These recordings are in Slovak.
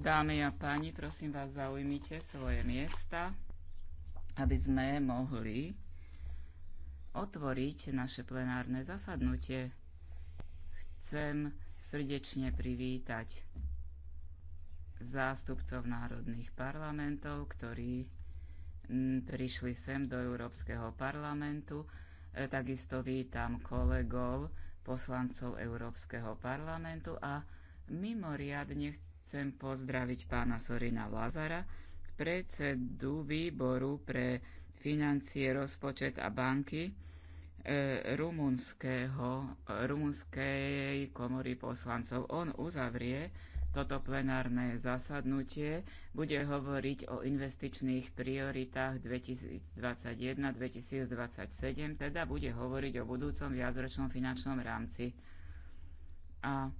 Dámy a páni, prosím vás, zaujmite svoje miesta, aby sme mohli otvoriť naše plenárne zasadnutie. Chcem srdečne privítať zástupcov národných parlamentov, ktorí prišli sem do Európskeho parlamentu. E, takisto vítam kolegov, poslancov Európskeho parlamentu a Mimoriadne chcem pozdraviť pána Sorina Lazara, predsedu výboru pre financie, rozpočet a banky e, rumunského, rumunskej komory poslancov. On uzavrie toto plenárne zasadnutie bude hovoriť o investičných prioritách 2021-2027, teda bude hovoriť o budúcom viacročnom finančnom rámci. A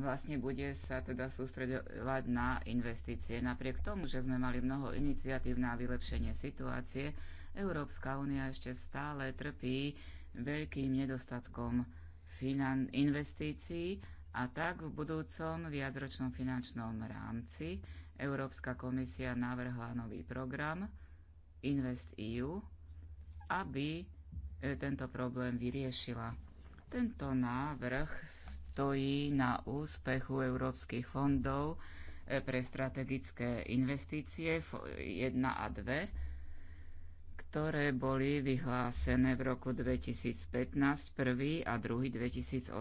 vlastne bude sa teda sústredovať na investície. Napriek tomu, že sme mali mnoho iniciatív na vylepšenie situácie, Európska únia ešte stále trpí veľkým nedostatkom finan- investícií a tak v budúcom viacročnom finančnom rámci Európska komisia navrhla nový program InvestEU, aby e, tento problém vyriešila. Tento návrh stojí na úspechu európskych fondov eh, pre strategické investície 1 a 2, ktoré boli vyhlásené v roku 2015, prvý a druhý 2018.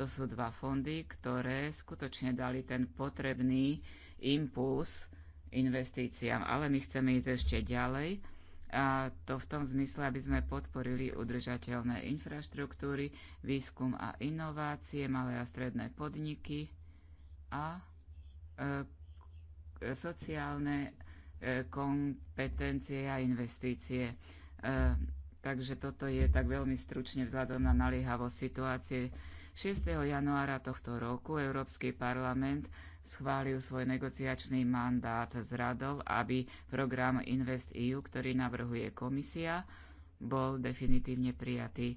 To sú dva fondy, ktoré skutočne dali ten potrebný impuls investíciám, ale my chceme ísť ešte ďalej a to v tom zmysle, aby sme podporili udržateľné infraštruktúry, výskum a inovácie, malé a stredné podniky a e, sociálne e, kompetencie a investície. E, takže toto je tak veľmi stručne vzhľadom na naliehavosť situácie. 6. januára tohto roku Európsky parlament schválil svoj negociačný mandát s radou, aby program Invest EU, ktorý navrhuje komisia, bol definitívne prijatý. E,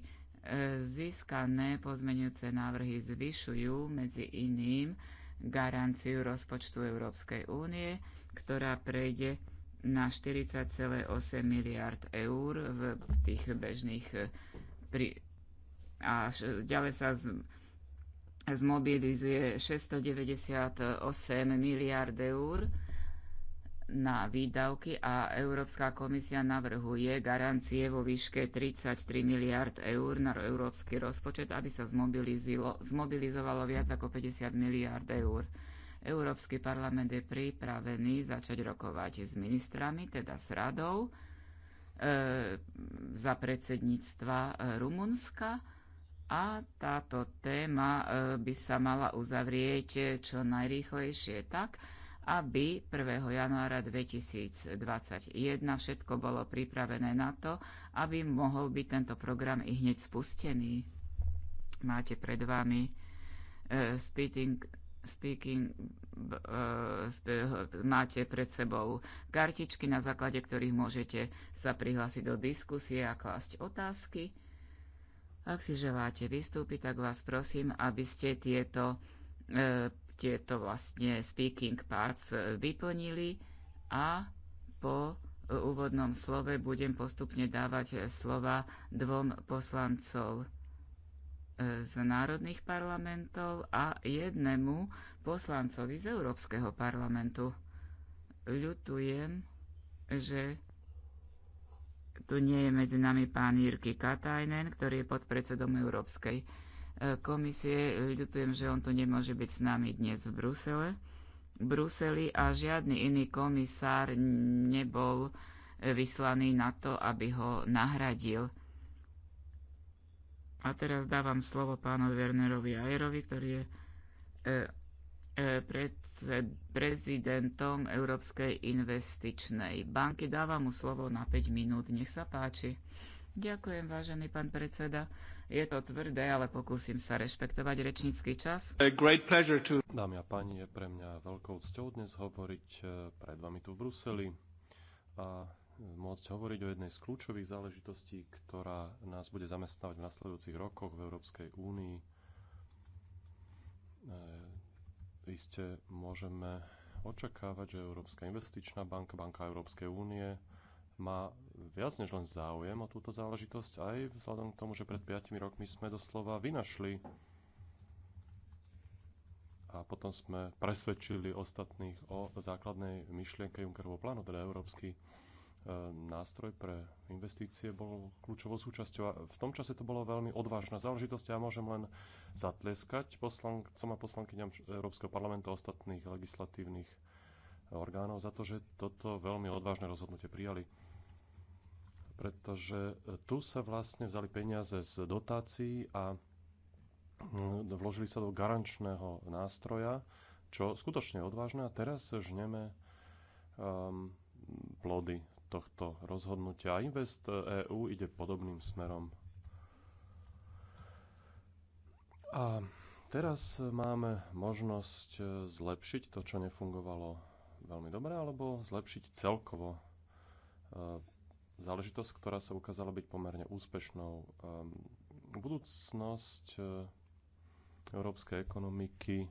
získané pozmeňujúce návrhy zvyšujú medzi iným garanciu rozpočtu Európskej únie, ktorá prejde na 40,8 miliard eur v tých bežných e, pri, a ďalej sa z, zmobilizuje 698 miliard eur na výdavky a Európska komisia navrhuje garancie vo výške 33 miliard eur na európsky rozpočet, aby sa zmobilizovalo viac ako 50 miliard eur. Európsky parlament je pripravený začať rokovať s ministrami, teda s radou, e, za predsedníctva e, Rumunska a táto téma e, by sa mala uzavrieť e, čo najrýchlejšie tak, aby 1. januára 2021 všetko bolo pripravené na to, aby mohol byť tento program i hneď spustený. Máte pred vami uh, speaking, speaking uh, máte pred sebou kartičky, na základe ktorých môžete sa prihlásiť do diskusie a klásť otázky. Ak si želáte vystúpiť, tak vás prosím, aby ste tieto, e, tieto vlastne speaking parts e, vyplnili a po e, úvodnom slove budem postupne dávať e, slova dvom poslancov z národných parlamentov a jednému poslancovi z Európskeho parlamentu. Ľutujem, že tu nie je medzi nami pán Jirky Katajnen, ktorý je podpredsedom Európskej e, komisie. Ľutujem, že on tu nemôže byť s nami dnes v Brusele. Bruseli a žiadny iný komisár nebol e, vyslaný na to, aby ho nahradil. A teraz dávam slovo pánovi Wernerovi Ajerovi, ktorý je e, Eh, prezidentom Európskej investičnej banky. Dávam mu slovo na 5 minút. Nech sa páči. Ďakujem, vážený pán predseda. Je to tvrdé, ale pokúsim sa rešpektovať rečnícky čas. To... Dámy a páni, je pre mňa veľkou cťou dnes hovoriť eh, pred vami tu v Bruseli a eh, môcť hovoriť o jednej z kľúčových záležitostí, ktorá nás bude zamestnávať v nasledujúcich rokoch v Európskej únii iste môžeme očakávať, že Európska investičná banka, Banka Európskej únie má viac než len záujem o túto záležitosť, aj vzhľadom k tomu, že pred 5 rokmi sme doslova vynašli a potom sme presvedčili ostatných o základnej myšlienke Junckerovho plánu, teda Európsky Ehm, nástroj pre investície bol kľúčovou súčasťou. A v tom čase to bolo veľmi odvážna záležitosť. Ja môžem len zatleskať poslancom a poslankyňam Európskeho parlamentu a ostatných legislatívnych orgánov za to, že toto veľmi odvážne rozhodnutie prijali. Pretože e, tu sa vlastne vzali peniaze z dotácií a mm, vložili sa do garančného nástroja, čo skutočne je odvážne a teraz žneme um, plody tohto rozhodnutia. Invest EU ide podobným smerom. A teraz máme možnosť zlepšiť to, čo nefungovalo veľmi dobre, alebo zlepšiť celkovo e, záležitosť, ktorá sa ukázala byť pomerne úspešnou. E, budúcnosť e, európskej ekonomiky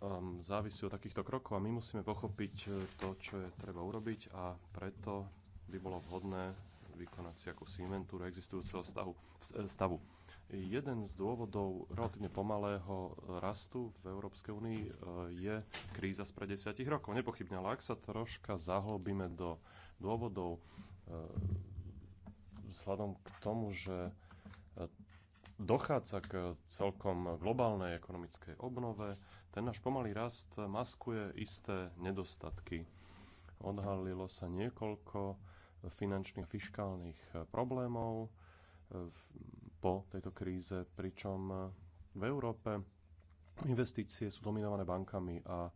um, závisí od takýchto krokov a my musíme pochopiť eh, to, čo je treba urobiť a preto by bolo vhodné vykonať si akúsi inventúru existujúceho stavu. stavu. Jeden z dôvodov relatívne pomalého eh, rastu v Európskej únii eh, je kríza pred desiatich rokov. Nepochybne, ale ak sa troška zahlbíme do dôvodov vzhľadom k tomu, že dochádza k celkom globálnej ekonomickej obnove, ten náš pomalý rast maskuje isté nedostatky. Odhalilo sa niekoľko finančných a fiskálnych problémov po tejto kríze, pričom v Európe investície sú dominované bankami a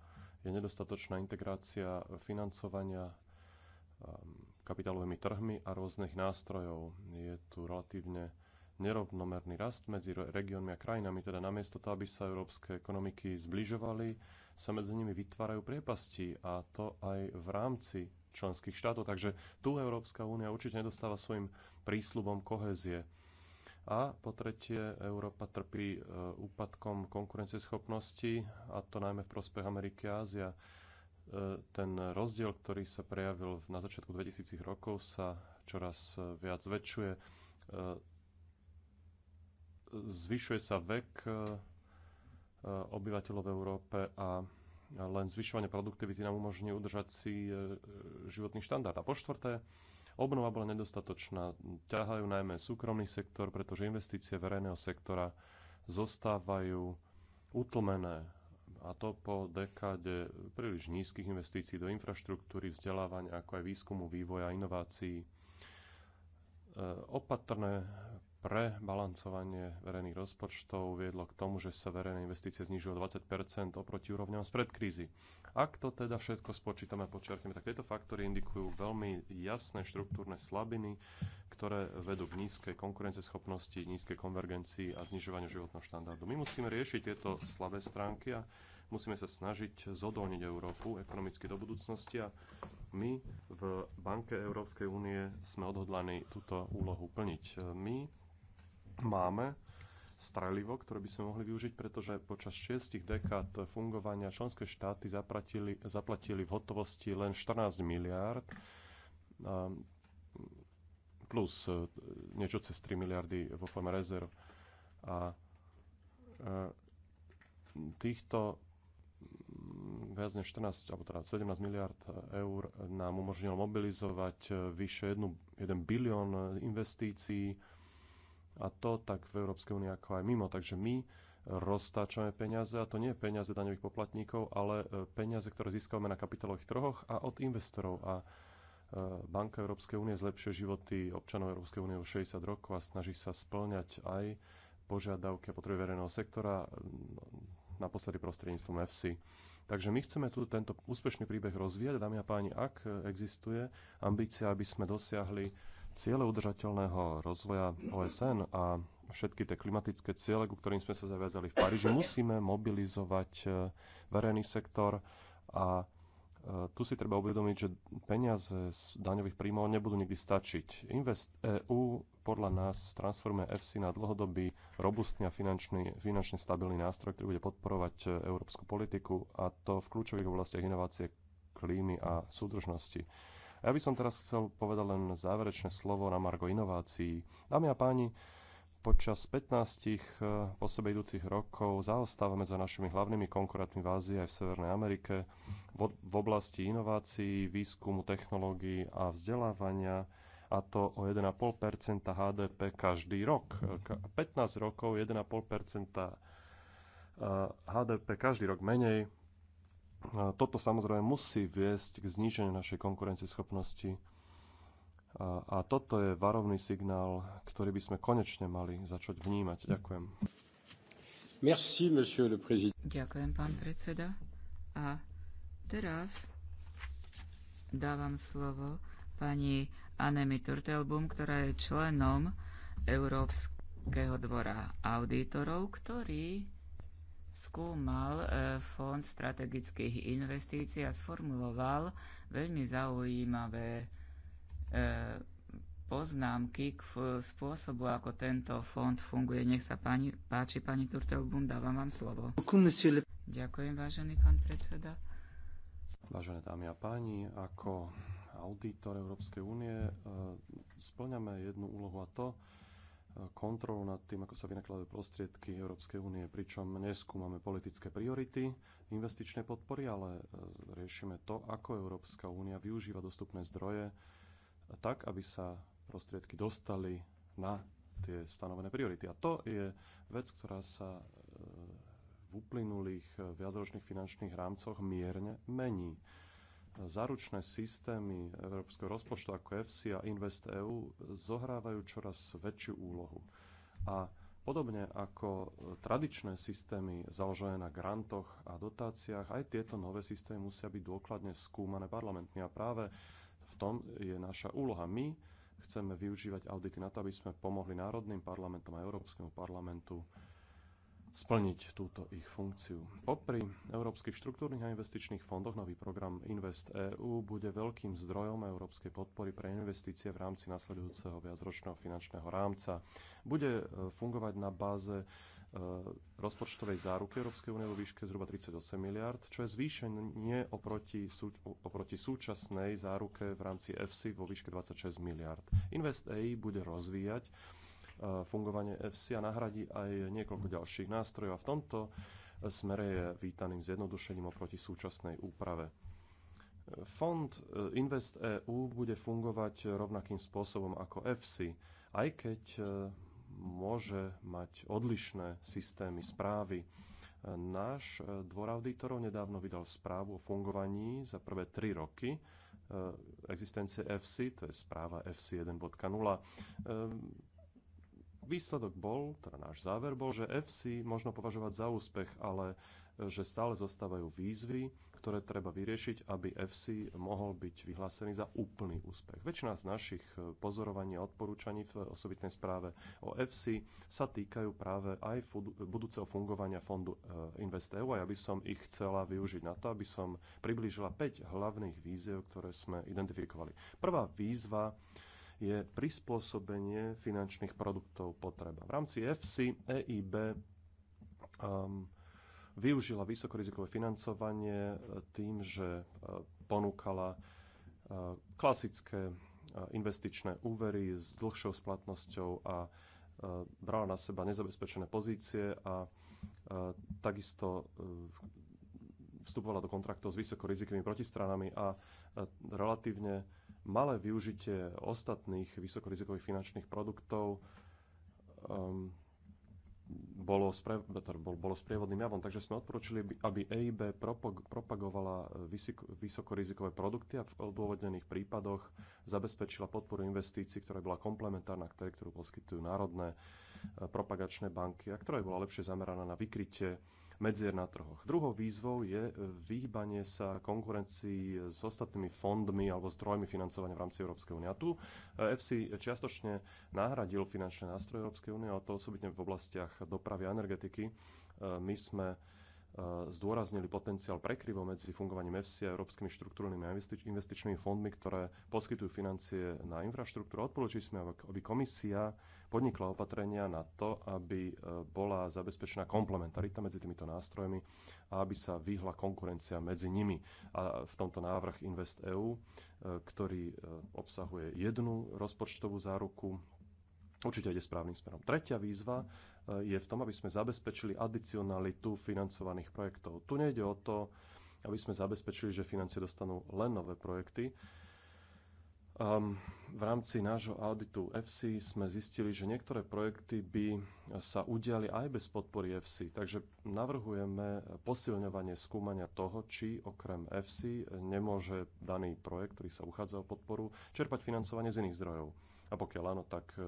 je nedostatočná integrácia financovania ehm, kapitálovými trhmi a rôznych nástrojov. Je tu relatívne nerovnomerný rast medzi regiónmi a krajinami, teda namiesto toho, aby sa európske ekonomiky zbližovali, sa medzi nimi vytvárajú priepasti a to aj v rámci členských štátov. Takže tu Európska únia určite nedostáva svojim prísľubom kohézie. A po tretie, Európa trpí e, úpadkom konkurencieschopnosti, a to najmä v prospech Ameriky a Ázia. E, ten rozdiel, ktorý sa prejavil na začiatku 2000 rokov, sa čoraz e, viac zväčšuje zvyšuje sa vek e, e, obyvateľov v Európe a len zvyšovanie produktivity nám umožní udržať si e, životný štandard. A po štvrté, obnova bola nedostatočná. Ťahajú najmä súkromný sektor, pretože investície verejného sektora zostávajú utlmené a to po dekáde príliš nízkych investícií do infraštruktúry, vzdelávania, ako aj výskumu, vývoja, inovácií. Opatrné pre balancovanie verejných rozpočtov viedlo k tomu, že sa verejné investície znižujú o 20 oproti úrovňam spred krízy. Ak to teda všetko spočítame a počiarkneme, tak tieto faktory indikujú veľmi jasné štruktúrne slabiny, ktoré vedú k nízkej konkurenceschopnosti, nízkej konvergencii a znižovaniu životného štandardu. My musíme riešiť tieto slabé stránky a musíme sa snažiť zodolniť Európu ekonomicky do budúcnosti a my v Banke Európskej únie sme odhodlaní túto úlohu plniť. My máme strelivo, ktoré by sme mohli využiť, pretože počas šiestich dekád fungovania členské štáty zaplatili, zaplatili v hotovosti len 14 miliárd plus e, niečo cez 3 miliardy vo forme rezerv. A e, týchto mm, viac než 14, alebo teda 17 miliard eur nám umožnilo mobilizovať e, vyše 1, 1 bilión investícií, a to tak v Európskej únii ako aj mimo. Takže my roztáčame peniaze, a to nie peniaze daňových poplatníkov, ale e, peniaze, ktoré získame na kapitálových trhoch a od investorov. A e, Banka Európskej únie zlepšuje životy občanov Európskej únie už 60 rokov a snaží sa splňať aj požiadavky a potreby verejného sektora, mm, naposledy prostredníctvom FC. Takže my chceme tu tento úspešný príbeh rozvíjať, dámy a páni, ak e, existuje ambícia, aby sme dosiahli Ciele udržateľného rozvoja OSN a všetky tie klimatické ciele, ku ktorým sme sa zaviazali v Paríži, musíme mobilizovať e, verejný sektor a e, tu si treba uvedomiť, že peniaze z daňových príjmov nebudú nikdy stačiť. Invest EU podľa nás transformuje EFSI na dlhodobý, robustný a finančný, finančne stabilný nástroj, ktorý bude podporovať e, európsku politiku a to v kľúčových oblastiach inovácie, klímy a súdržnosti. Ja by som teraz chcel povedať len záverečné slovo na Margo inovácií. Dámy a páni, počas 15 eh, po sebe idúcich rokov zaostávame za našimi hlavnými konkurentmi v Ázii aj v Severnej Amerike v oblasti inovácií, výskumu, technológií a vzdelávania a to o 1,5 HDP každý rok. 15 rokov 1,5 eh, HDP každý rok menej toto samozrejme musí viesť k zníženiu našej konkurencieschopnosti a toto je varovný signál, ktorý by sme konečne mali začať vnímať. Ďakujem. Merci, monsieur le président. Ďakujem, pán predseda. A teraz dávam slovo pani Anemi Turtelbum, ktorá je členom Európskeho dvora auditorov, ktorý skúmal e, Fond strategických investícií a sformuloval veľmi zaujímavé e, poznámky k spôsobu, ako tento fond funguje. Nech sa pani, páči, pani Turtelbum, dávam vám slovo. Ďakujem, vážený pán predseda. Vážené dámy a páni, ako auditor Európskej únie e, splňame jednu úlohu a to kontrolu nad tým, ako sa vynakladajú prostriedky Európskej únie, pričom neskúmame politické priority investičnej podpory, ale e, riešime to, ako Európska únia využíva dostupné zdroje tak, aby sa prostriedky dostali na tie stanovené priority. A to je vec, ktorá sa e, v uplynulých e, viacročných finančných rámcoch mierne mení záručné systémy európskeho rozpočtu ako EFSI a InvestEU zohrávajú čoraz väčšiu úlohu. A podobne ako tradičné systémy založené na grantoch a dotáciách, aj tieto nové systémy musia byť dôkladne skúmané parlamentmi. A práve v tom je naša úloha. My chceme využívať audity na to, aby sme pomohli národným parlamentom a Európskemu parlamentu splniť túto ich funkciu. Popri európskych štruktúrnych a investičných fondoch nový program Invest EU bude veľkým zdrojom európskej podpory pre investície v rámci nasledujúceho viacročného finančného rámca. Bude e, fungovať na báze e, rozpočtovej záruky Európskej únie vo výške zhruba 38 miliard, čo je zvýšenie oproti, oproti súčasnej záruke v rámci EFSI vo výške 26 miliard. Invest EU bude rozvíjať fungovanie FC a nahradí aj niekoľko ďalších nástrojov. A v tomto smere je vítaným zjednodušením oproti súčasnej úprave. Fond eh, Invest EU bude fungovať rovnakým spôsobom ako FC, aj keď eh, môže mať odlišné systémy správy. Náš eh, dvor auditorov nedávno vydal správu o fungovaní za prvé tri roky existencie FC, to je správa FC 1.0 výsledok bol, teda náš záver bol, že FC možno považovať za úspech, ale e, že stále zostávajú výzvy, ktoré treba vyriešiť, aby FC mohol byť vyhlásený za úplný úspech. Väčšina z našich e, pozorovaní a odporúčaní v osobitnej správe o FC sa týkajú práve aj budúceho fungovania fondu e, InvestEU a ja by som ich chcela využiť na to, aby som priblížila 5 hlavných víziev, ktoré sme identifikovali. Prvá výzva je prispôsobenie finančných produktov potreba. V rámci FC EIB um, využila vysokorizikové financovanie e, tým, že e, ponúkala e, klasické investičné úvery s dlhšou splatnosťou a brala na seba nezabezpečené pozície a takisto vstupovala do kontraktov s vysokorizikovými protistranami a relatívne malé využitie ostatných vysokorizikových finančných produktov um, bolo, spre, teda bol, bolo sprievodným javom. Takže sme odporúčili, aby EIB propagovala vysokorizikové produkty a v odôvodnených prípadoch zabezpečila podporu investícií, ktorá bola komplementárna k tej, ktorú poskytujú národné propagačné banky a ktorá by bola lepšie zameraná na vykrytie medzier na trhoch. Druhou výzvou je vyhýbanie sa konkurencii s ostatnými fondmi alebo zdrojmi financovania v rámci Európskej únie. A tu eh, FC čiastočne nahradil finančné nástroje Európskej únie, a to osobitne v oblastiach dopravy a energetiky. Eh, my sme eh, zdôraznili potenciál prekryvo medzi fungovaním FC a európskymi štruktúrnymi a investičnými fondmi, ktoré poskytujú financie na infraštruktúru. Odporúčili sme, aby komisia podnikla opatrenia na to, aby e, bola zabezpečená komplementarita medzi týmito nástrojmi a aby sa vyhla konkurencia medzi nimi. A v tomto návrh InvestEU, e, ktorý e, obsahuje jednu rozpočtovú záruku, určite ide správnym smerom. Tretia výzva je v tom, aby sme zabezpečili adicionalitu financovaných projektov. Tu nejde o to, aby sme zabezpečili, že financie dostanú len nové projekty, Um, v rámci nášho auditu FC sme zistili, že niektoré projekty by sa udiali aj bez podpory FC, takže navrhujeme posilňovanie skúmania toho, či okrem FC nemôže daný projekt, ktorý sa uchádza o podporu, čerpať financovanie z iných zdrojov. A pokiaľ áno, tak eh,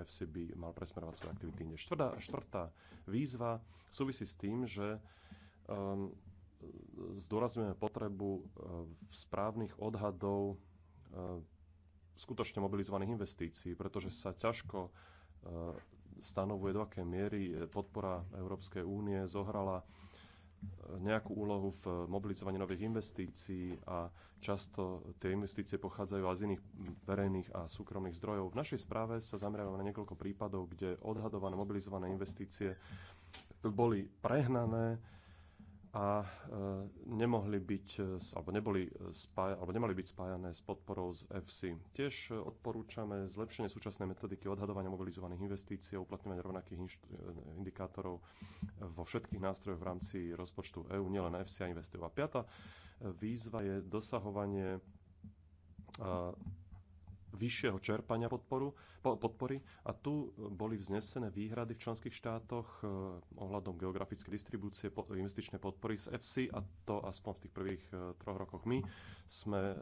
FC by mal presmerovať svoje aktivity Štvrtá, štvrtá výzva súvisí s tým, že um, zdôrazňujeme potrebu uh, správnych odhadov uh, skutočne mobilizovaných investícií, pretože sa ťažko e, stanovuje, do akej miery e, podpora Európskej únie zohrala e, nejakú úlohu v mobilizovaní nových investícií a často tie investície pochádzajú aj z iných verejných a súkromných zdrojov. V našej správe sa zameriavame na niekoľko prípadov, kde odhadované mobilizované investície boli prehnané, a e, nemohli byť, e, alebo, neboli e, spája, alebo nemali byť spájané s podporou z FC. Tiež odporúčame zlepšenie súčasnej metodiky odhadovania mobilizovaných investícií a uplatňovanie rovnakých indikátorov vo všetkých nástrojoch v rámci rozpočtu EÚ, nielen FC a investiu. A piata výzva je dosahovanie vyššieho čerpania podporu, podpory a tu boli vznesené výhrady v členských štátoch eh, ohľadom geografickej distribúcie investičnej podpory z FC a to aspoň v tých prvých eh, troch rokoch my sme eh,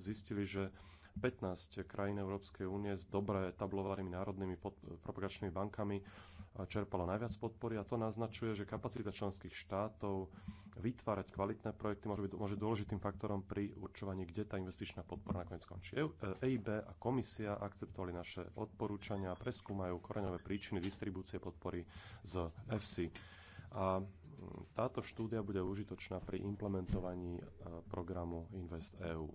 zistili, že 15 krajín Európskej únie s dobre tablovanými národnými pod, propagačnými bankami čerpalo najviac podpory a to naznačuje, že kapacita členských štátov vytvárať kvalitné projekty môže byť môže dôležitým faktorom pri určovaní, kde tá investičná podpora nakoniec skončí. EIB e, e a komisia akceptovali naše odporúčania a preskúmajú koreňové príčiny distribúcie podpory z EFSI. A táto štúdia bude užitočná pri implementovaní programu InvestEU.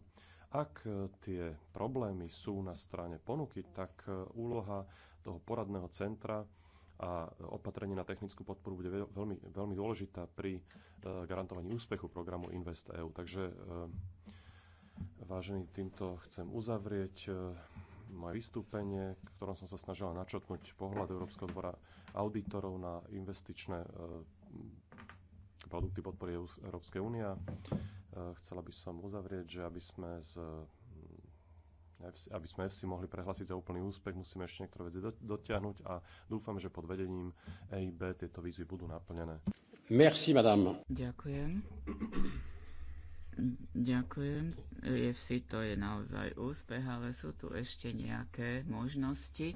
Ak e, tie problémy sú na strane ponuky, tak e, úloha toho poradného centra a opatrenie na technickú podporu bude veľmi, veľmi dôležitá pri e, garantovaní úspechu programu InvestEU. Takže vážený, týmto chcem uzavrieť moje vystúpenie, v ktorom som sa snažila načotnúť pohľad Európskeho dvora auditorov na investičné produkty podpory Európskej únie. Chcela by som uzavrieť, že aby sme z mm, aby sme FC mohli prehlásiť za úplný úspech, musíme ešte niektoré veci dotiahnuť a dúfam, že pod vedením EIB tieto výzvy budú naplnené. Merci, madame. Ďakujem. Ďakujem. EFC to je naozaj úspech, ale sú tu ešte nejaké možnosti,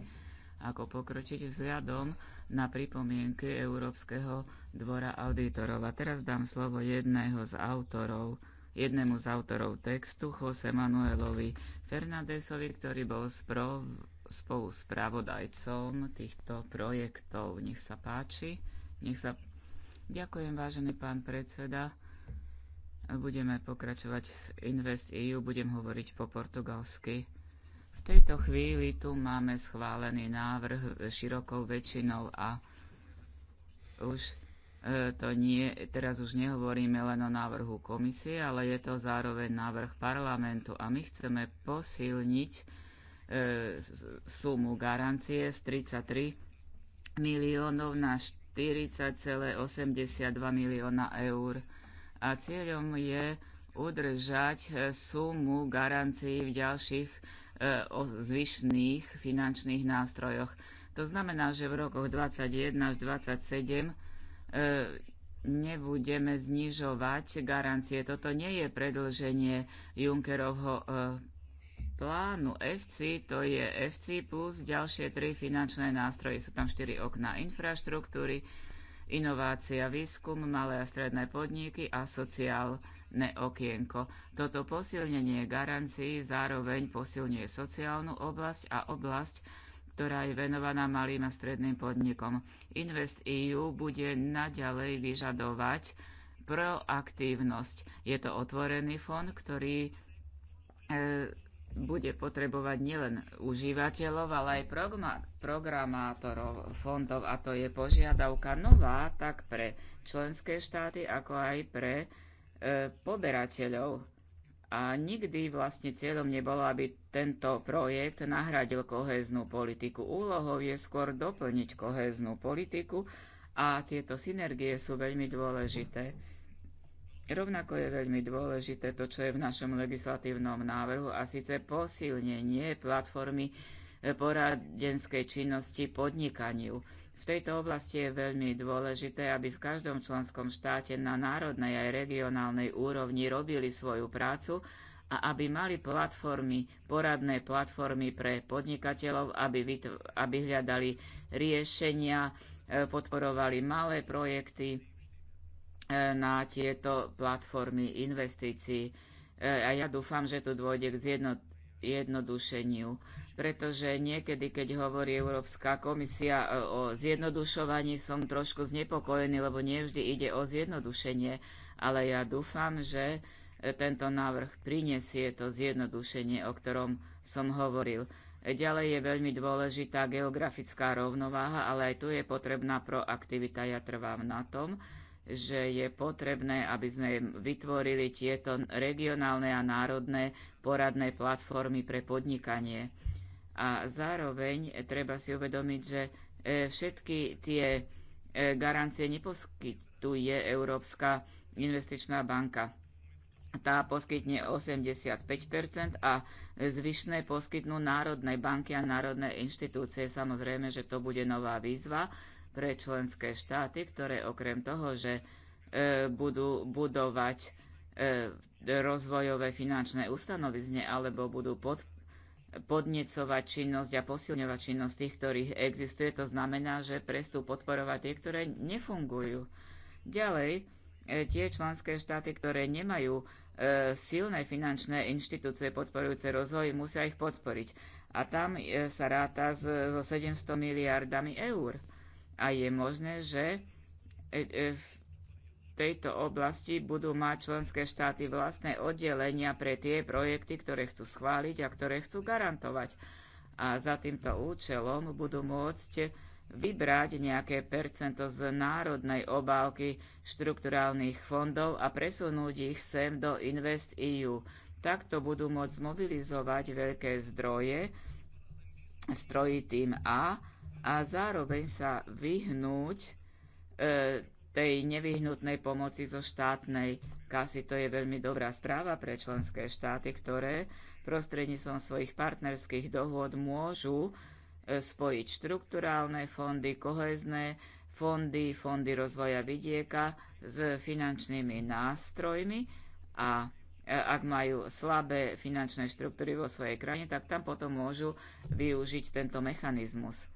ako pokročiť vzhľadom na pripomienky Európskeho dvora auditorov. A teraz dám slovo jedného z autorov jednému z autorov textu, Jose Manuelovi Fernandesovi, ktorý bol sprov, spolu spravodajcom týchto projektov. Nech sa páči. Nech sa... Ďakujem, vážený pán predseda. Budeme pokračovať s Invest EU, budem hovoriť po portugalsky. V tejto chvíli tu máme schválený návrh širokou väčšinou a už E, to nie, teraz už nehovoríme len o návrhu komisie, ale je to zároveň návrh parlamentu a my chceme posilniť e, sumu garancie z 33 miliónov na 40,82 milióna eur. A cieľom je udržať e, sumu garancií v ďalších o zvyšných finančných nástrojoch. To znamená, že v rokoch 2021 až 2027. E, nebudeme znižovať garancie. Toto nie je predlženie Junckerovho e, plánu FC, to je FC plus ďalšie tri finančné nástroje. Sú tam štyri okná infraštruktúry, inovácia, výskum, malé a stredné podniky a sociálne okienko. Toto posilnenie garancií zároveň posilňuje sociálnu oblasť a oblasť ktorá je venovaná malým a stredným podnikom. Invest EU bude naďalej vyžadovať proaktívnosť. Je to otvorený fond, ktorý e, bude potrebovať nielen užívateľov, ale aj programátorov fondov a to je požiadavka nová tak pre členské štáty, ako aj pre e, poberateľov a nikdy vlastne cieľom nebolo, aby tento projekt nahradil koheznú politiku. Úlohou je skôr doplniť koheznú politiku a tieto synergie sú veľmi dôležité. Rovnako je veľmi dôležité to, čo je v našom legislatívnom návrhu a síce posilnenie platformy eh, poradenskej činnosti podnikaniu. V tejto oblasti je veľmi dôležité, aby v každom členskom štáte na národnej aj regionálnej úrovni robili svoju prácu a aby mali platformy, poradné platformy pre podnikateľov, aby, aby hľadali riešenia, e, podporovali malé projekty e, na tieto platformy investícií. E, a ja dúfam, že tu dôjde k zjednot- zjednodušeniu. Pretože niekedy, keď hovorí Európska komisia e, o zjednodušovaní, som trošku znepokojený, lebo nie vždy ide o zjednodušenie. Ale ja dúfam, že e, tento návrh prinesie to zjednodušenie, o ktorom som hovoril. E, ďalej je veľmi dôležitá geografická rovnováha, ale aj tu je potrebná proaktivita. Ja trvám na tom, že je potrebné, aby sme vytvorili tieto regionálne a národné poradné platformy pre podnikanie. A zároveň treba si uvedomiť, že e, všetky tie e, garancie neposkytuje Európska investičná banka. Tá poskytne 85 a zvyšné poskytnú národné banky a národné inštitúcie. Samozrejme, že to bude nová výzva pre členské štáty, ktoré okrem toho, že e, budú budovať e, rozvojové finančné ustanovizne alebo budú pod, podnecovať činnosť a posilňovať činnosť tých, ktorých existuje. To znamená, že prestú podporovať tie, ktoré nefungujú. Ďalej, e, tie členské štáty, ktoré nemajú e, silné finančné inštitúcie podporujúce rozvoj, musia ich podporiť. A tam e, sa ráta so 700 miliardami eur a je možné, že e, e, v tejto oblasti budú mať členské štáty vlastné oddelenia pre tie projekty, ktoré chcú schváliť a ktoré chcú garantovať. A za týmto účelom budú môcť vybrať nejaké percento z národnej obálky štrukturálnych fondov a presunúť ich sem do Invest EU. Takto budú môcť zmobilizovať veľké zdroje, stroji tým A, a zároveň sa vyhnúť e, tej nevyhnutnej pomoci zo štátnej kasy. To je veľmi dobrá správa pre členské štáty, ktoré prostredníctvom svojich partnerských dohôd môžu e, spojiť štrukturálne fondy, kohezné fondy, fondy rozvoja vidieka s finančnými nástrojmi a e, ak majú slabé finančné štruktúry vo svojej krajine, tak tam potom môžu využiť tento mechanizmus.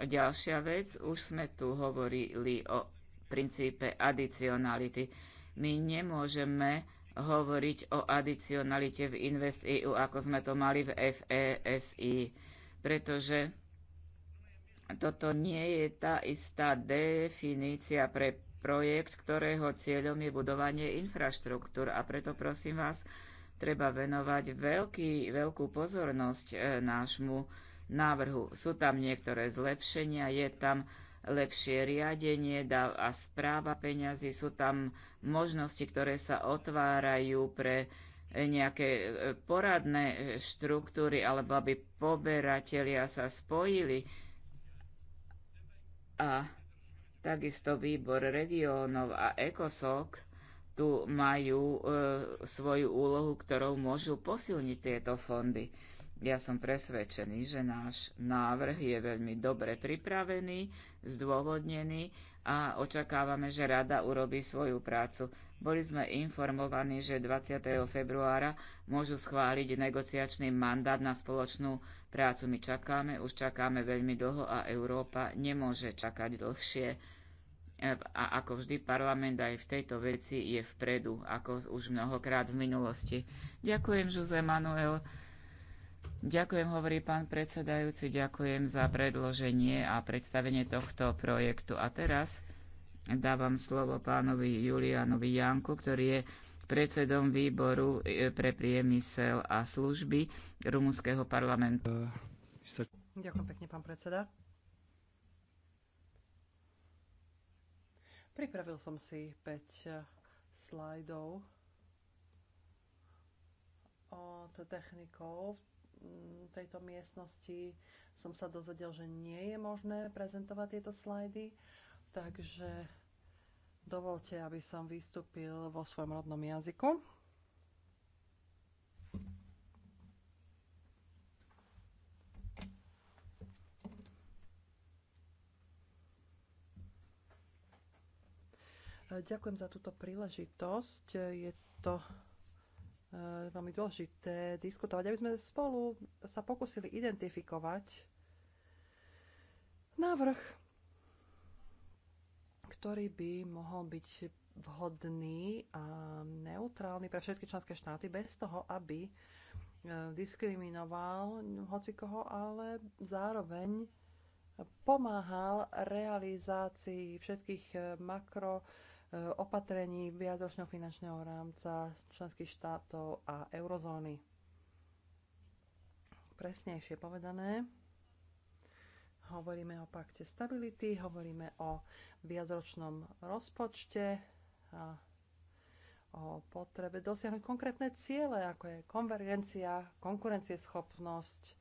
A ďalšia vec, už sme tu hovorili o princípe adicionality. My nemôžeme hovoriť o adicionalite v InvestEU, ako sme to mali v FESI, pretože toto nie je tá istá definícia pre projekt, ktorého cieľom je budovanie infraštruktúr a preto prosím vás, treba venovať veľký, veľkú pozornosť e, nášmu návrhu. Sú tam niektoré zlepšenia, je tam lepšie riadenie a správa peňazí, sú tam možnosti, ktoré sa otvárajú pre eh, nejaké eh, poradné eh, štruktúry, alebo aby poberatelia sa spojili. A takisto výbor regiónov a ECOSOC tu majú e, svoju úlohu, ktorou môžu posilniť tieto fondy. Ja som presvedčený, že náš návrh je veľmi dobre pripravený, zdôvodnený a očakávame, že rada urobí svoju prácu. Boli sme informovaní, že 20. februára môžu schváliť negociačný mandát na spoločnú prácu. My čakáme, už čakáme veľmi dlho a Európa nemôže čakať dlhšie. A ako vždy, parlament aj v tejto veci je vpredu, ako už mnohokrát v minulosti. Ďakujem, Jose Manuel. Ďakujem, hovorí pán predsedajúci, ďakujem za predloženie a predstavenie tohto projektu. A teraz dávam slovo pánovi Julianovi Janku, ktorý je predsedom výboru e, pre priemysel a služby rumúnskeho parlamentu. E, ďakujem pekne, pán predseda. Pripravil som si 5 e, slajdov o technikov Mm, tejto miestnosti som sa dozvedel, že nie je možné prezentovať tieto slajdy, takže dovolte, aby som vystúpil vo svojom rodnom jazyku. Ďakujem za túto príležitosť. Je to Eh, veľmi dôležité diskutovať, aby sme spolu sa pokusili identifikovať návrh, ktorý by mohol byť vhodný a neutrálny pre všetky členské štáty bez toho, aby eh, diskriminoval hoci koho, ale zároveň pomáhal realizácii všetkých eh, makro Eh, opatrení viacročného finančného rámca členských štátov a eurozóny. Presnejšie povedané, hovoríme o pakte stability, hovoríme o viacročnom rozpočte a o potrebe dosiahnuť konkrétne ciele, ako je konvergencia, konkurencieschopnosť,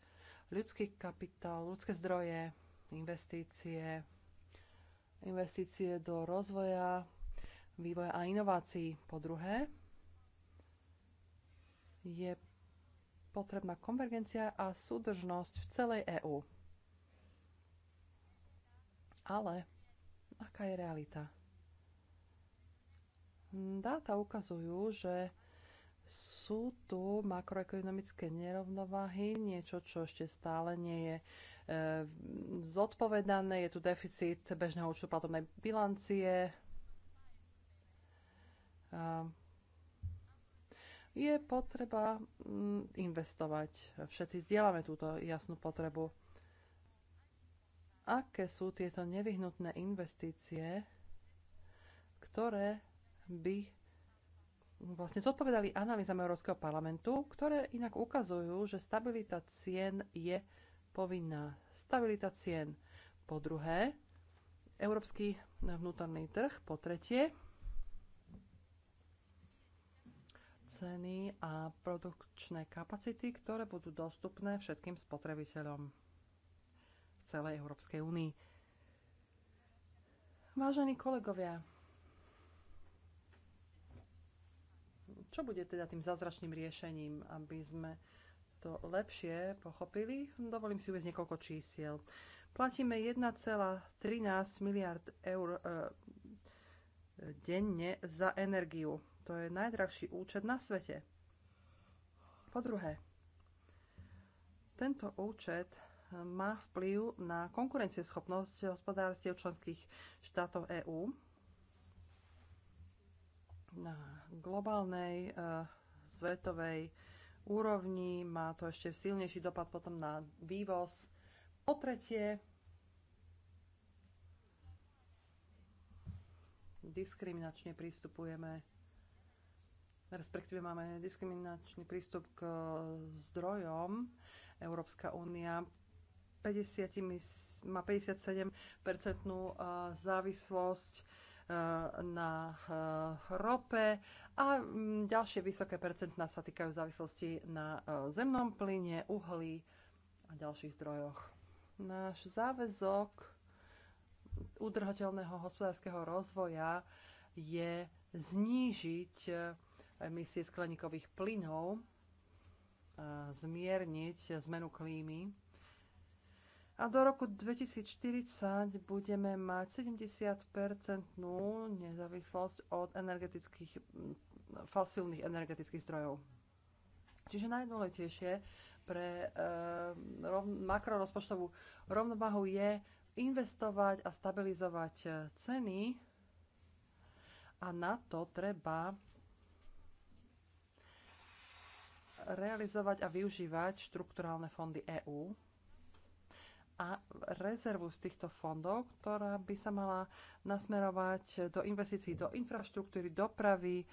ľudský kapitál, ľudské zdroje, investície, investície do rozvoja vývoja a inovácií. Po druhé, je potrebná konvergencia a súdržnosť v celej EÚ. Ale aká je realita? Dáta ukazujú, že sú tu makroekonomické nerovnováhy, niečo, čo ešte stále nie je e, zodpovedané. Je tu deficit bežného účtu platobnej bilancie, Ehm, je potreba mm, investovať. Všetci zdieľame túto jasnú potrebu. Aké sú tieto nevyhnutné investície, ktoré by vlastne zodpovedali analýzam Európskeho parlamentu, ktoré inak ukazujú, že stabilita cien je povinná. Stabilita cien. Po druhé, európsky vnútorný trh. Po tretie, ceny a produkčné kapacity, ktoré budú dostupné všetkým spotrebiteľom v celej Európskej únii. Vážení kolegovia, čo bude teda tým zázračným riešením, aby sme to lepšie pochopili? Dovolím si uvieť niekoľko čísiel. Platíme 1,13 miliard eur e, denne za energiu. To je najdrahší účet na svete. Po druhé, tento účet má vplyv na konkurencieschopnosť hospodárstiev členských štátov EÚ na globálnej e, svetovej úrovni. Má to ešte silnejší dopad potom na vývoz. Po tretie, diskriminačne pristupujeme respektíve máme diskriminačný prístup k zdrojom. Európska únia 50, má 57 e, závislosť e, na e, rope a mm, ďalšie vysoké percentná sa týkajú závislosti na zemnom plyne, uhlí a ďalších zdrojoch. Náš záväzok udržateľného hospodárskeho rozvoja je znížiť emisie skleníkových plynov, e, zmierniť zmenu klímy. A do roku 2040 budeme mať 70-percentnú nezávislosť od energetických, fosílnych energetických zdrojov. Čiže najdôležitejšie pre e, rov, makrorozpočtovú rovnováhu je investovať a stabilizovať ceny a na to treba realizovať a využívať štrukturálne fondy EÚ a rezervu z týchto fondov, ktorá by sa mala nasmerovať do investícií do infraštruktúry, dopravy,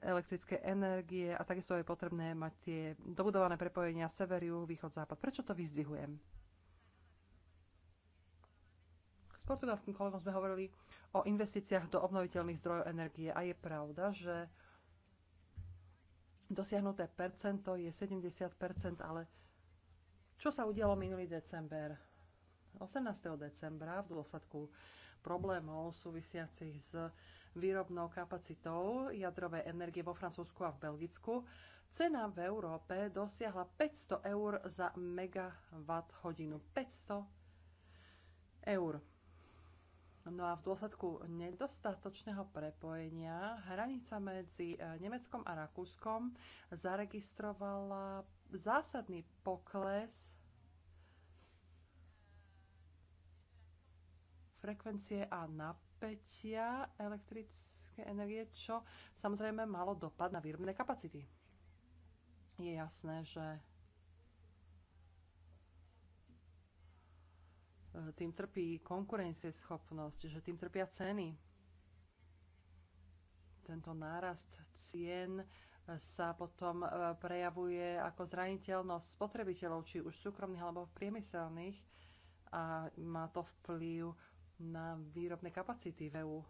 elektrické energie a takisto je potrebné mať tie dobudované prepojenia sever, juh, východ, západ. Prečo to vyzdvihujem? S portugalským kolegom sme hovorili o investíciách do obnoviteľných zdrojov energie a je pravda, že Dosiahnuté percento je 70%, ale čo sa udialo minulý december? 18. decembra v dôsledku problémov súvisiacich s výrobnou kapacitou jadrovej energie vo Francúzsku a v Belgicku, cena v Európe dosiahla 500 eur za megawatt hodinu. 500 eur. No a v dôsledku nedostatočného prepojenia hranica medzi e, Nemeckom a Rakúskom zaregistrovala zásadný pokles frekvencie a napätia elektrické energie, čo samozrejme malo dopad na výrobné kapacity. Je jasné, že Eh, tým trpí konkurencieschopnosť, že tým trpia ceny. Tento nárast cien eh, sa potom eh, prejavuje ako zraniteľnosť spotrebiteľov, či už súkromných alebo priemyselných a má to vplyv na výrobné kapacity v EU.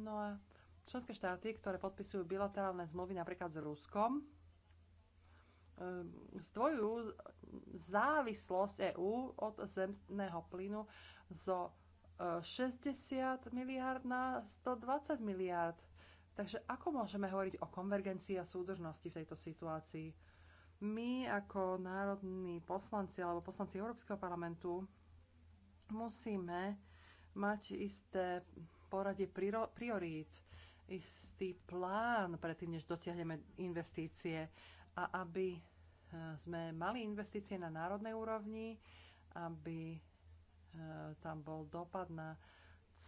No a členské štáty, ktoré podpisujú bilaterálne zmluvy napríklad s Ruskom, svoju závislosť EÚ od zemného plynu zo 60 e, miliard na 120 miliard. Takže ako môžeme hovoriť o konvergencii a súdržnosti v tejto situácii? My ako národní poslanci alebo poslanci Európskeho parlamentu musíme mať isté poradie priorít, istý plán predtým, než dotiahneme investície a aby sme mali investície na národnej úrovni, aby e, tam bol dopad na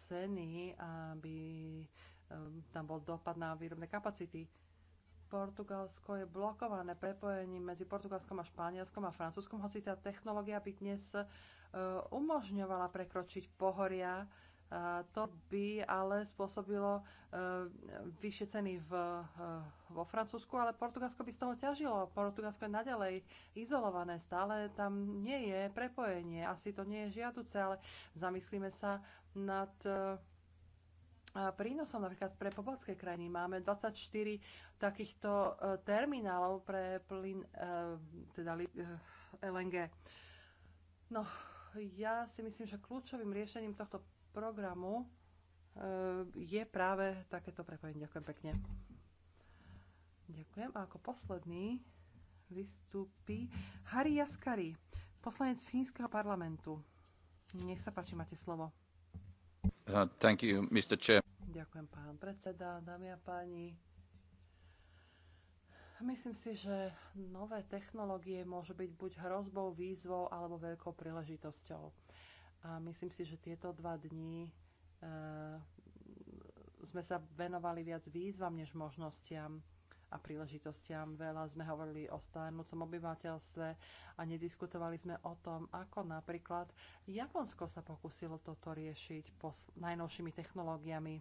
ceny, aby e, tam bol dopad na výrobné kapacity. Portugalsko je blokované prepojením medzi Portugalskom a Španielskom a Francúzskom, hoci tá technológia by dnes e, umožňovala prekročiť pohoria, to by ale spôsobilo e, vyššie ceny v, e, vo Francúzsku, ale Portugalsko by z toho ťažilo. Portugalsko je naďalej izolované, stále tam nie je prepojenie, asi to nie je žiaduce, ale zamyslíme sa nad e, prínosom napríklad pre pobalské krajiny. Máme 24 takýchto terminálov pre plyn, teda LNG. No, ja si myslím, že kľúčovým riešením tohto programu e, je práve takéto prepojenie. Ďakujem pekne. Ďakujem. A ako posledný vystúpi Harry Jaskari, poslanec Fínskeho parlamentu. Nech sa páči, máte slovo. Uh, thank you, Mr. Chair. Ďakujem, pán predseda, dámy a páni. Myslím si, že nové technológie môžu byť buď hrozbou, výzvou alebo veľkou príležitosťou. A myslím si, že tieto dva dni e, sme sa venovali viac výzvam než možnostiam a príležitostiam. Veľa sme hovorili o starnúcom obyvateľstve a nediskutovali sme o tom, ako napríklad Japonsko sa pokúsilo toto riešiť najnovšími technológiami.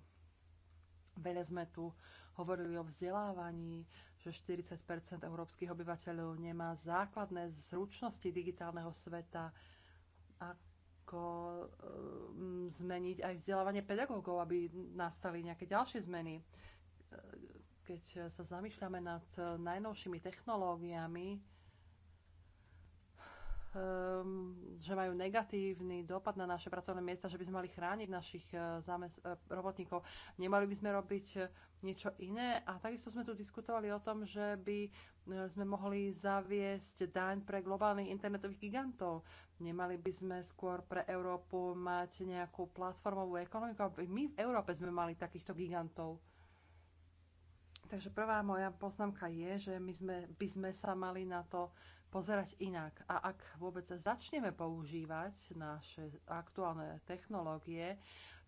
Veľa sme tu hovorili o vzdelávaní, že 40 európskych obyvateľov nemá základné zručnosti digitálneho sveta. A ako ehm, zmeniť aj vzdelávanie pedagógov, aby nastali nejaké ďalšie zmeny. Keď sa zamýšľame nad najnovšími technológiami, Ehm, že majú negatívny dopad na naše pracovné miesta, že by sme mali chrániť našich e, e, robotníkov. Nemali by sme robiť e, niečo iné. A takisto sme tu diskutovali o tom, že by sme mohli zaviesť daň pre globálnych internetových gigantov. Nemali by sme skôr pre Európu mať nejakú platformovú ekonomiku, aby my v Európe sme mali takýchto gigantov. Takže prvá moja poznámka je, že my sme, by sme sa mali na to pozerať inak. A ak vôbec začneme používať naše aktuálne technológie,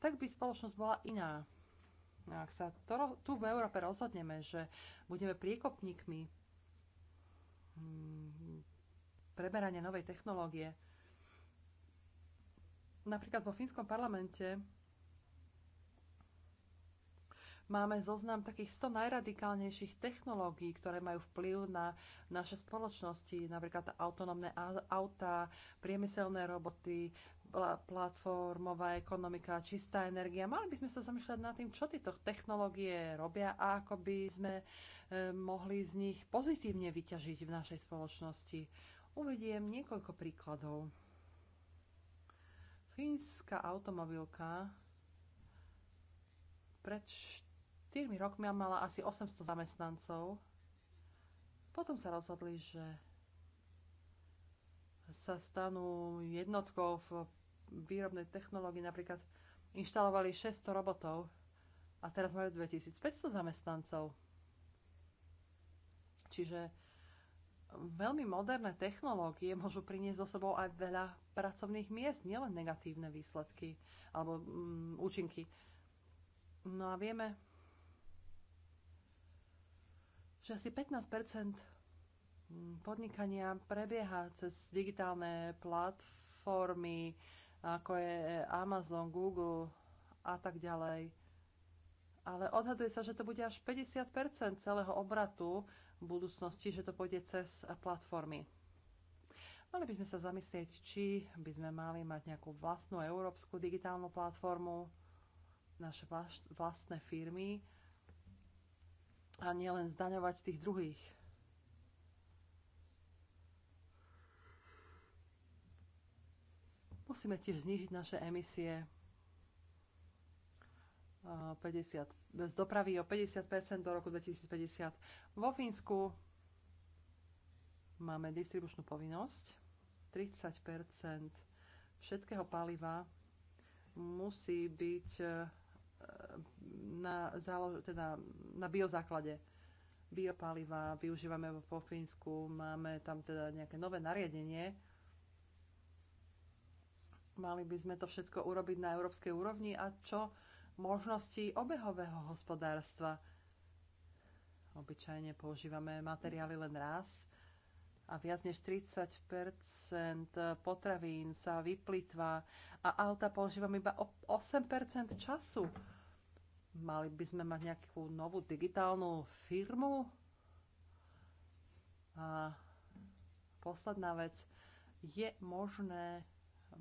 tak by spoločnosť bola iná. A ak sa to, tu v Európe rozhodneme, že budeme priekopníkmi hm, preberania novej technológie, napríklad vo fínskom parlamente Máme zoznam takých 100 najradikálnejších technológií, ktoré majú vplyv na naše spoločnosti, napríklad autonómne autá, priemyselné roboty, platformová ekonomika, čistá energia. Mali by sme sa zamýšľať nad tým, čo tieto technológie robia a ako by sme e, mohli z nich pozitívne vyťažiť v našej spoločnosti. Uvediem niekoľko príkladov. Fínska automobilka pred 4 rokmi mala asi 800 zamestnancov. Potom sa rozhodli, že sa stanú jednotkou v výrobnej technológii. Napríklad inštalovali 600 robotov a teraz majú 2500 zamestnancov. Čiže veľmi moderné technológie môžu priniesť so sebou aj veľa pracovných miest, nielen negatívne výsledky alebo mm, účinky. No a vieme, že asi 15 podnikania prebieha cez digitálne platformy, ako je Amazon, Google a tak ďalej. Ale odhaduje sa, že to bude až 50 celého obratu v budúcnosti, že to pôjde cez platformy. Mali by sme sa zamyslieť, či by sme mali mať nejakú vlastnú európsku digitálnu platformu, naše vlastné firmy, a nielen zdaňovať tých druhých. Musíme tiež znížiť naše emisie 50, z dopravy o 50 do roku 2050. Vo Fínsku máme distribučnú povinnosť. 30 všetkého paliva musí byť na, zálo, teda na biozáklade. Biopaliva využívame po Fínsku, máme tam teda nejaké nové nariadenie. Mali by sme to všetko urobiť na európskej úrovni a čo možnosti obehového hospodárstva. Obyčajne používame materiály len raz a viac než 30 potravín sa vyplýtva a auta používam iba 8 času Mali by sme mať nejakú novú digitálnu firmu. A posledná vec. Je možné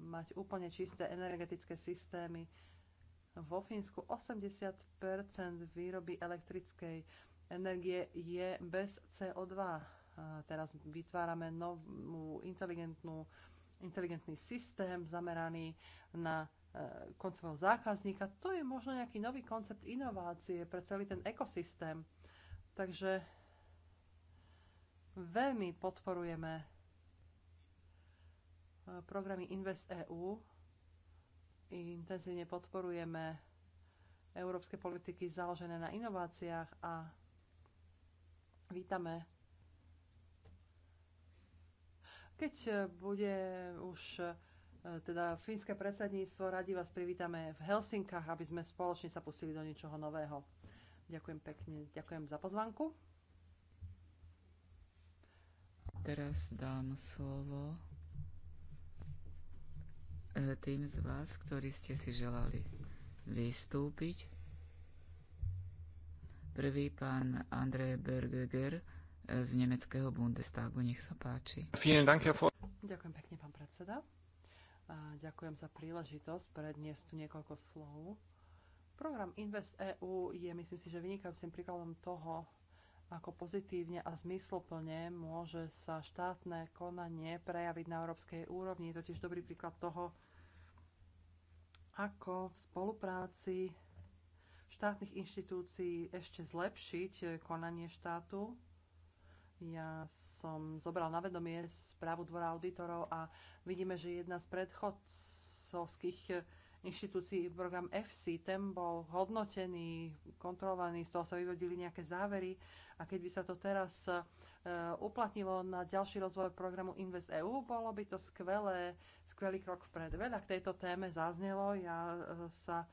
mať úplne čisté energetické systémy. Vo Fínsku 80 výroby elektrickej energie je bez CO2. A teraz vytvárame novú inteligentnú, inteligentný systém zameraný na Eh, koncového zákazníka. To je možno nejaký nový koncept inovácie pre celý ten ekosystém. Takže veľmi podporujeme eh, programy Invest EU. Intenzívne podporujeme európske politiky založené na inováciách a vítame keď eh, bude už E, teda fínske predsedníctvo, radi vás privítame v Helsinkách, aby sme spoločne sa pustili do niečoho nového. Ďakujem pekne, ďakujem za pozvanku. Teraz dám slovo e, tým z vás, ktorí ste si želali vystúpiť. Prvý pán Andrej Bergeger e, z nemeckého Bundestagu, nech sa páči. Ďakujem pekne, pán predseda a ďakujem za príležitosť predniesť tu niekoľko slov. Program Invest EU je, myslím si, že vynikajúcim príkladom toho, ako pozitívne a zmysloplne môže sa štátne konanie prejaviť na európskej úrovni. Je totiž dobrý príklad toho, ako v spolupráci štátnych inštitúcií ešte zlepšiť konanie štátu ja som zobral na vedomie správu dvora auditorov a vidíme, že jedna z predchodcovských inštitúcií, program FC, ten bol hodnotený, kontrolovaný, z toho sa vyvodili nejaké závery a keď by sa to teraz e, uplatnilo na ďalší rozvoj programu Invest EU, bolo by to skvelé, skvelý krok vpred. Veľa k tejto téme zaznelo, ja e, sa e,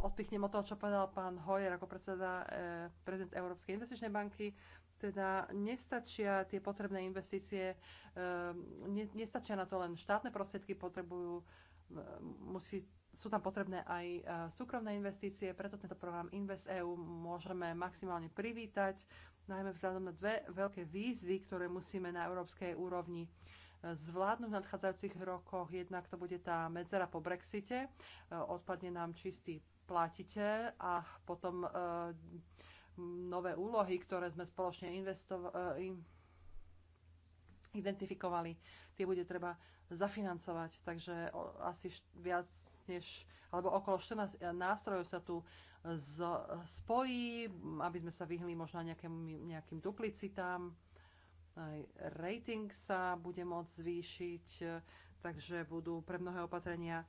odpichnem od toho, čo povedal pán Hoyer ako predseda, prezident Európskej investičnej banky teda nestačia tie potrebné investície, ehm, ne, nestačia na to len štátne prostriedky, potrebujú, musí, sú tam potrebné aj e, súkromné investície, preto tento program InvestEU môžeme maximálne privítať, najmä vzhľadom na dve veľké výzvy, ktoré musíme na európskej úrovni e, zvládnuť v nadchádzajúcich rokoch. Jednak to bude tá medzera po Brexite, e, odpadne nám čistý platiteľ a potom nové úlohy, ktoré sme spoločne e, identifikovali, tie bude treba zafinancovať. Takže asi viac než, alebo okolo 14 nástrojov sa tu spojí, aby sme sa vyhli možno nejakým, nejakým duplicitám. Aj rating sa bude môcť zvýšiť, e, takže budú pre mnohé opatrenia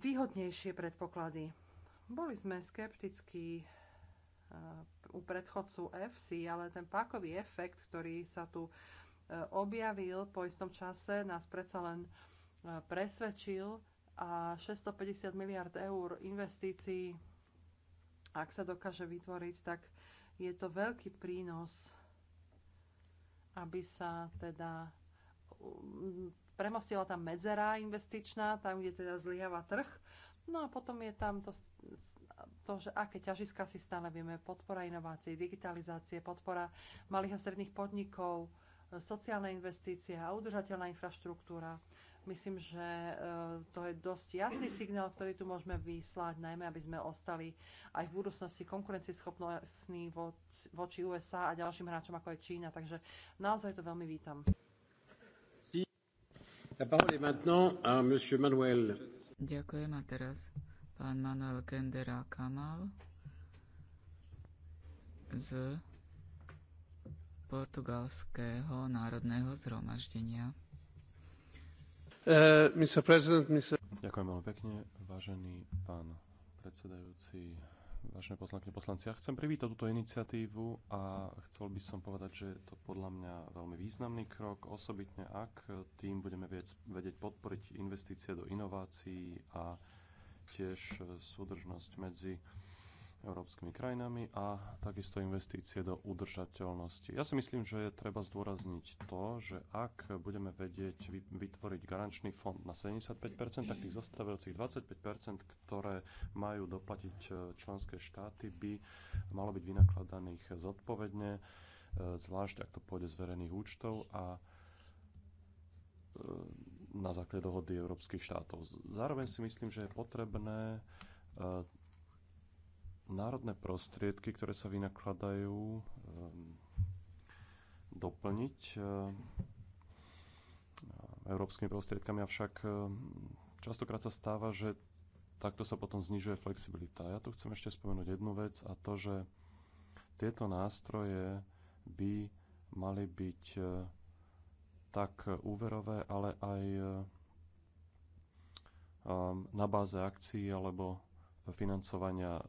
výhodnejšie predpoklady. Boli sme skeptickí u predchodcu FC, ale ten pákový efekt, ktorý sa tu e, objavil po istom čase, nás predsa len e, presvedčil a 650 miliard eur investícií, ak sa dokáže vytvoriť, tak je to veľký prínos, aby sa teda premostila tam medzera investičná, tam, kde teda zlyháva trh. No a potom je tam to to, že aké ťažiska si stanovíme, podpora inovácií, digitalizácie, podpora malých a stredných podnikov, sociálne investície a udržateľná infraštruktúra. Myslím, že e, to je dosť jasný signál, ktorý tu môžeme vyslať, najmä aby sme ostali aj v budúcnosti konkurencieschopní voči USA a ďalším hráčom, ako je Čína. Takže naozaj to veľmi vítam. La parole est maintenant à Manuel. Ďakujem a teraz pán Manuel Kendera Kamal z portugalského národného zhromaždenia. Uh, Mr. Mr. Ďakujem veľmi pekne, vážený pán predsedajúci, vážené poslanky poslanci. Ja chcem privítať túto iniciatívu a chcel by som povedať, že je to podľa mňa veľmi významný krok, osobitne ak tým budeme vedieť podporiť investície do inovácií a tiež e, súdržnosť medzi európskymi krajinami a takisto investície do udržateľnosti. Ja si myslím, že je treba zdôrazniť to, že ak budeme vedieť vytvoriť garančný fond na 75%, tak tých zostávajúcich 25%, ktoré majú doplatiť e, členské štáty, by malo byť vynakladaných zodpovedne, e, zvlášť ak to pôjde z verejných účtov a na základe dohody európskych štátov. Zároveň si myslím, že je potrebné eh, národné prostriedky, ktoré sa vynakladajú, eh, doplniť eh, európskymi prostriedkami, avšak častokrát sa stáva, že takto sa potom znižuje flexibilita. Ja tu chcem ešte spomenúť jednu vec a to, že tieto nástroje by mali byť tak úverové, ale aj e, e, na báze akcií alebo financovania e,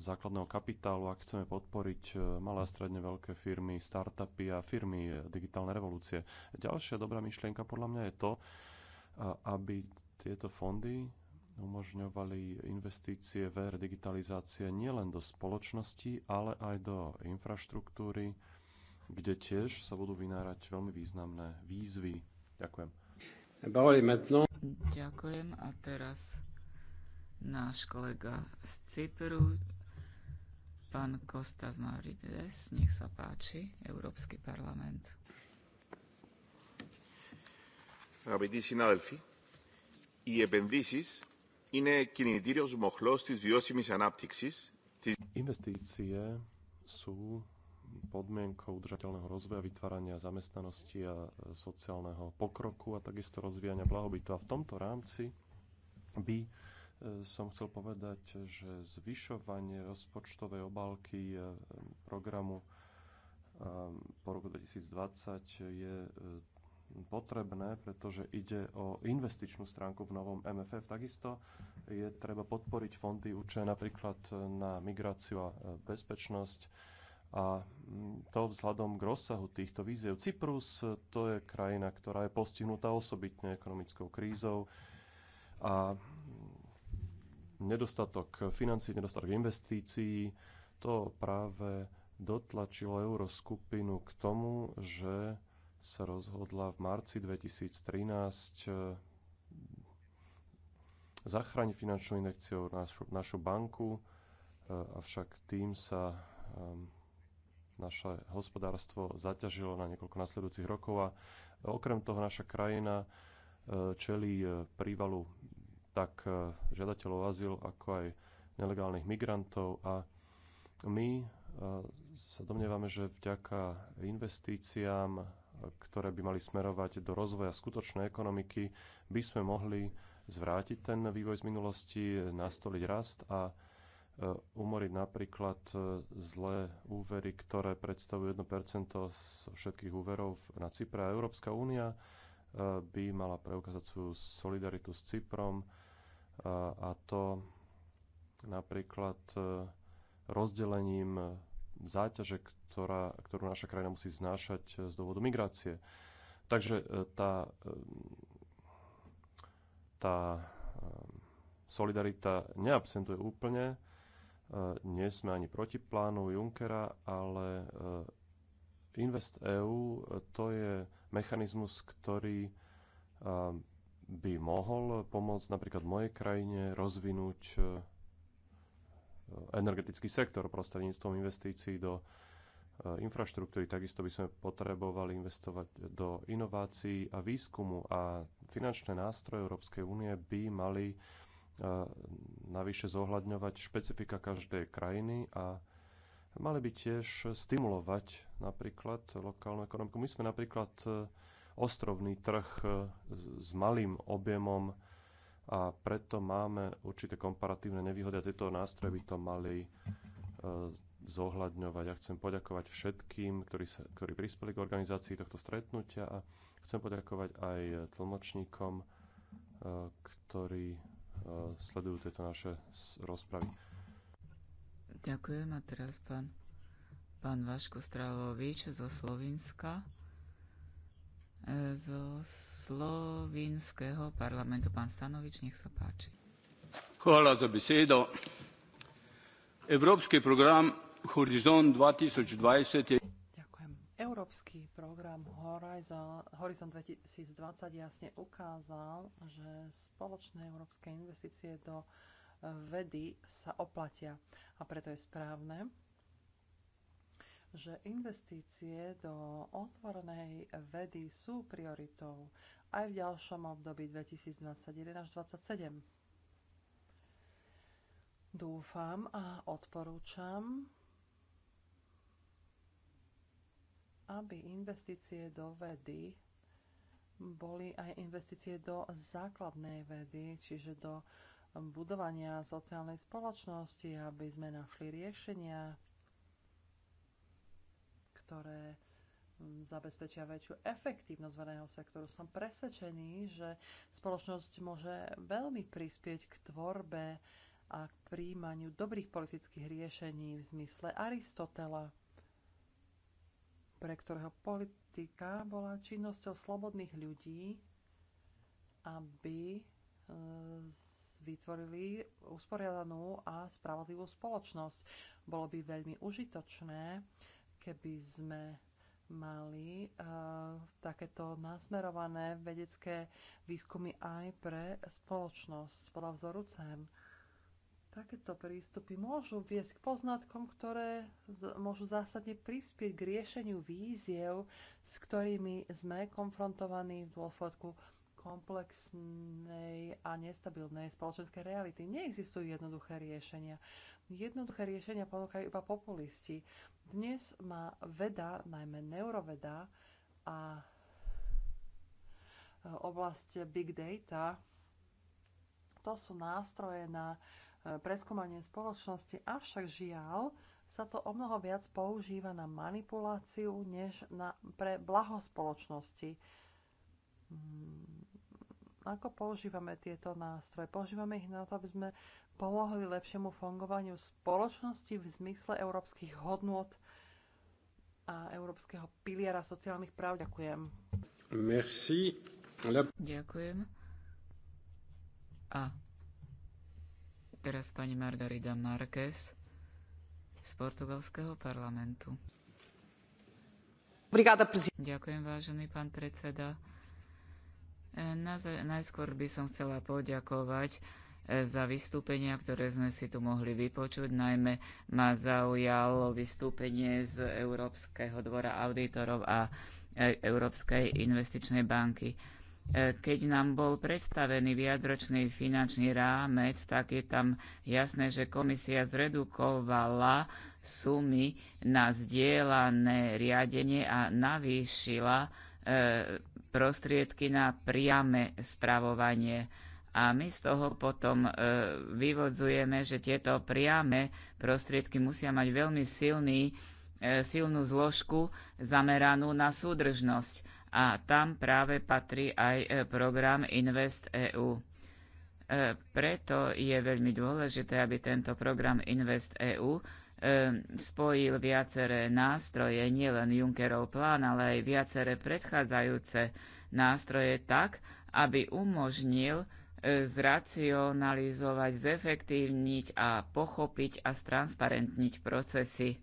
základného kapitálu, ak chceme podporiť malé a stredne veľké firmy, startupy a firmy digitálnej revolúcie. Ďalšia dobrá myšlienka podľa mňa je to, aby tieto fondy umožňovali investície VR digitalizácie nielen do spoločnosti, ale aj do infraštruktúry, kde tiež sa budú vynárať veľmi významné výzvy. Ďakujem. Ďakujem a teraz náš kolega z Cypru, pán Kostas Marides, nech sa páči, Európsky parlament. Αγαπητοί συνάδελφοι, οι είναι sú podmienkou udržateľného rozvoja, vytvárania zamestnanosti a e, sociálneho pokroku a takisto rozvíjania blahobytu. A v tomto rámci by e, som chcel povedať, že zvyšovanie rozpočtovej obálky e, programu po roku 2020 je potrebné, pretože ide o investičnú stránku v novom MFF. Takisto je treba podporiť fondy určené napríklad na migráciu a bezpečnosť a mm, to vzhľadom k rozsahu týchto víziev. Cyprus e, to je krajina, ktorá je postihnutá osobitne ekonomickou krízou a mm, nedostatok financí, nedostatok investícií, to práve dotlačilo euroskupinu k tomu, že sa rozhodla v marci 2013 e, zachrániť finančnou inekciou našu, našu banku, e, avšak tým sa naše hospodárstvo zaťažilo na niekoľko nasledujúcich rokov a e, okrem toho naša krajina e, čelí e, prívalu tak žiadateľov azyl, ako aj nelegálnych migrantov a my sa domnievame, že vďaka investíciám, ktoré by mali smerovať do rozvoja skutočnej ekonomiky, by sme mohli zvrátiť ten vývoj z minulosti, nastoliť rast a E, umoriť napríklad e, zlé úvery, ktoré predstavujú 1% z všetkých úverov na Cypre. A Európska únia e, by mala preukázať svoju solidaritu s Cyprom a to napríklad rozdelením záťaže, ktorá, ktorú naša krajina musí znášať z dôvodu migrácie. Takže tá, tá solidarita neabsentuje úplne, Eh, nie sme ani proti plánu Junckera, ale eh, InvestEU eh, to je mechanizmus, ktorý by mohol pomôcť napríklad mojej krajine rozvinúť energetický sektor prostredníctvom investícií do infraštruktúry. Takisto by sme potrebovali investovať do inovácií a výskumu a finančné nástroje Európskej únie by mali navyše zohľadňovať špecifika každej krajiny a mali by tiež stimulovať napríklad lokálnu ekonomiku. My sme napríklad e, ostrovný trh e, s malým objemom a preto máme určité komparatívne nevýhody a tieto nástroje by to mali e, zohľadňovať. Ja chcem poďakovať všetkým, ktorí, sa, ktorí prispeli k organizácii tohto stretnutia a chcem poďakovať aj tlmočníkom, ktorí Eh, sledujú tieto naše rozpravy. Ďakujem a teraz pán, pán Vaško Strálovič zo Slovenska eh, zo slovinského parlamentu. Pán Stanovič, nech sa páči. Hvala za besedo. Evropski program Horizon 2020 je... Európsky program Horizon 2020 jasne ukázal, že spoločné európske investície do e, vedy sa oplatia. A preto je správne, že investície do otvorenej vedy sú prioritou aj v ďalšom období 2021 až 2027. Dúfam a odporúčam, aby investície do vedy boli aj investície do základnej vedy, čiže do budovania sociálnej spoločnosti, aby sme našli riešenia, ktoré mm, zabezpečia väčšiu efektívnosť verejného sektoru. Som presvedčený, že spoločnosť môže veľmi prispieť k tvorbe a k príjmaniu dobrých politických riešení v zmysle Aristotela pre ktorého politika bola činnosťou slobodných ľudí, aby e, vytvorili usporiadanú a spravodlivú spoločnosť. Bolo by veľmi užitočné, keby sme mali uh, takéto nasmerované vedecké výskumy aj pre spoločnosť podľa vzoru CERN. Takéto prístupy môžu viesť k poznatkom, ktoré môžu zásadne prispieť k riešeniu víziev, s ktorými sme konfrontovaní v dôsledku komplexnej a nestabilnej spoločenskej reality. Neexistujú jednoduché riešenia. Jednoduché riešenia ponúkajú iba populisti. Dnes má veda, najmä neuroveda a e, oblasť big data, to sú nástroje na uh, preskúmanie spoločnosti, avšak žiaľ sa to o mnoho viac používa na manipuláciu než na, pre blaho spoločnosti. Mm, ako používame tieto nástroje? Používame ich na to, aby sme pomohli lepšiemu fungovaniu spoločnosti v zmysle európskych hodnôt a európskeho piliera sociálnych práv. Ďakujem. Merci. Ďakujem. A teraz pani Margarida Marquez z portugalského parlamentu. Obrigada, Ďakujem, vážený pán predseda. E, na, najskôr by som chcela poďakovať e, za vystúpenia, ktoré sme si tu mohli vypočuť. Najmä ma zaujalo vystúpenie z Európskeho dvora auditorov a e, Európskej investičnej banky. E, keď nám bol predstavený viacročný finančný rámec, tak je tam jasné, že komisia zredukovala sumy na zdieľané riadenie a navýšila e, prostriedky na priame spravovanie. A my z toho potom e, vyvodzujeme, že tieto priame prostriedky musia mať veľmi silný, silnú zložku zameranú na súdržnosť a tam práve patrí aj e, program Invest EU. E, preto je veľmi dôležité, aby tento program Invest EU e, spojil viaceré nástroje, nielen Junckerov plán, ale aj viaceré predchádzajúce nástroje tak, aby umožnil zracionalizovať, zefektívniť a pochopiť a stransparentniť procesy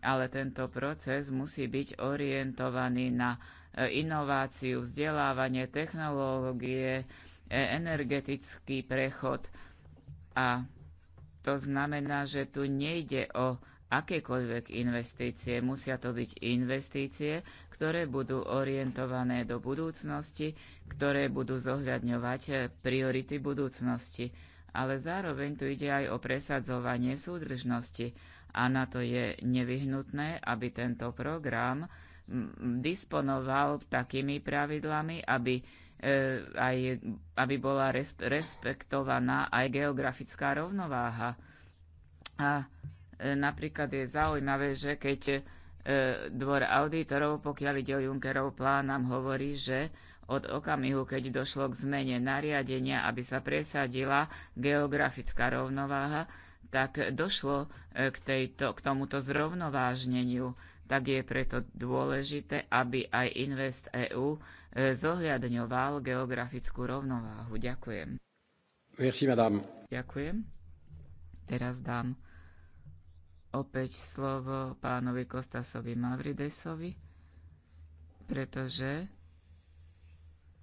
ale tento proces musí byť orientovaný na e, inováciu, vzdelávanie, technológie, e, energetický prechod. A to znamená, že tu nejde o akékoľvek investície. Musia to byť investície, ktoré budú orientované do budúcnosti, ktoré budú zohľadňovať e, priority budúcnosti. Ale zároveň tu ide aj o presadzovanie súdržnosti a na to je nevyhnutné, aby tento program disponoval takými pravidlami, aby, e, aj, aby bola res, respektovaná aj geografická rovnováha. A e, napríklad je zaujímavé, že keď e, dvor auditorov, pokiaľ ide o Junckerov plán, nám hovorí, že od okamihu, keď došlo k zmene nariadenia, aby sa presadila geografická rovnováha, tak došlo e, k, tejto, k tomuto zrovnovážneniu, tak je preto dôležité, aby aj Invest EU e, zohľadňoval geografickú rovnováhu. Ďakujem. Merci, madame. Ďakujem. Teraz dám opäť slovo pánovi Kostasovi Mavridesovi, pretože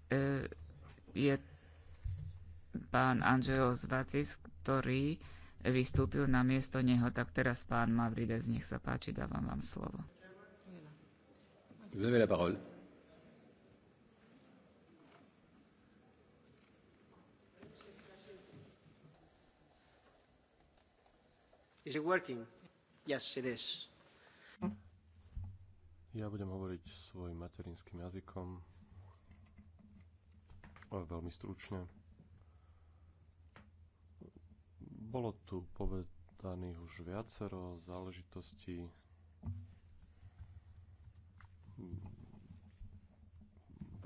e, je pán Angelos Vacis, ktorý vystúpil na miesto neho. Tak teraz pán Mavrides, nech sa páči, dávam vám slovo. Vy avez la parole. Is it working? Yes, it is. Ja budem hovoriť svojim materinským jazykom, ale veľmi stručne. Bolo tu povedaných už viacero záležitostí.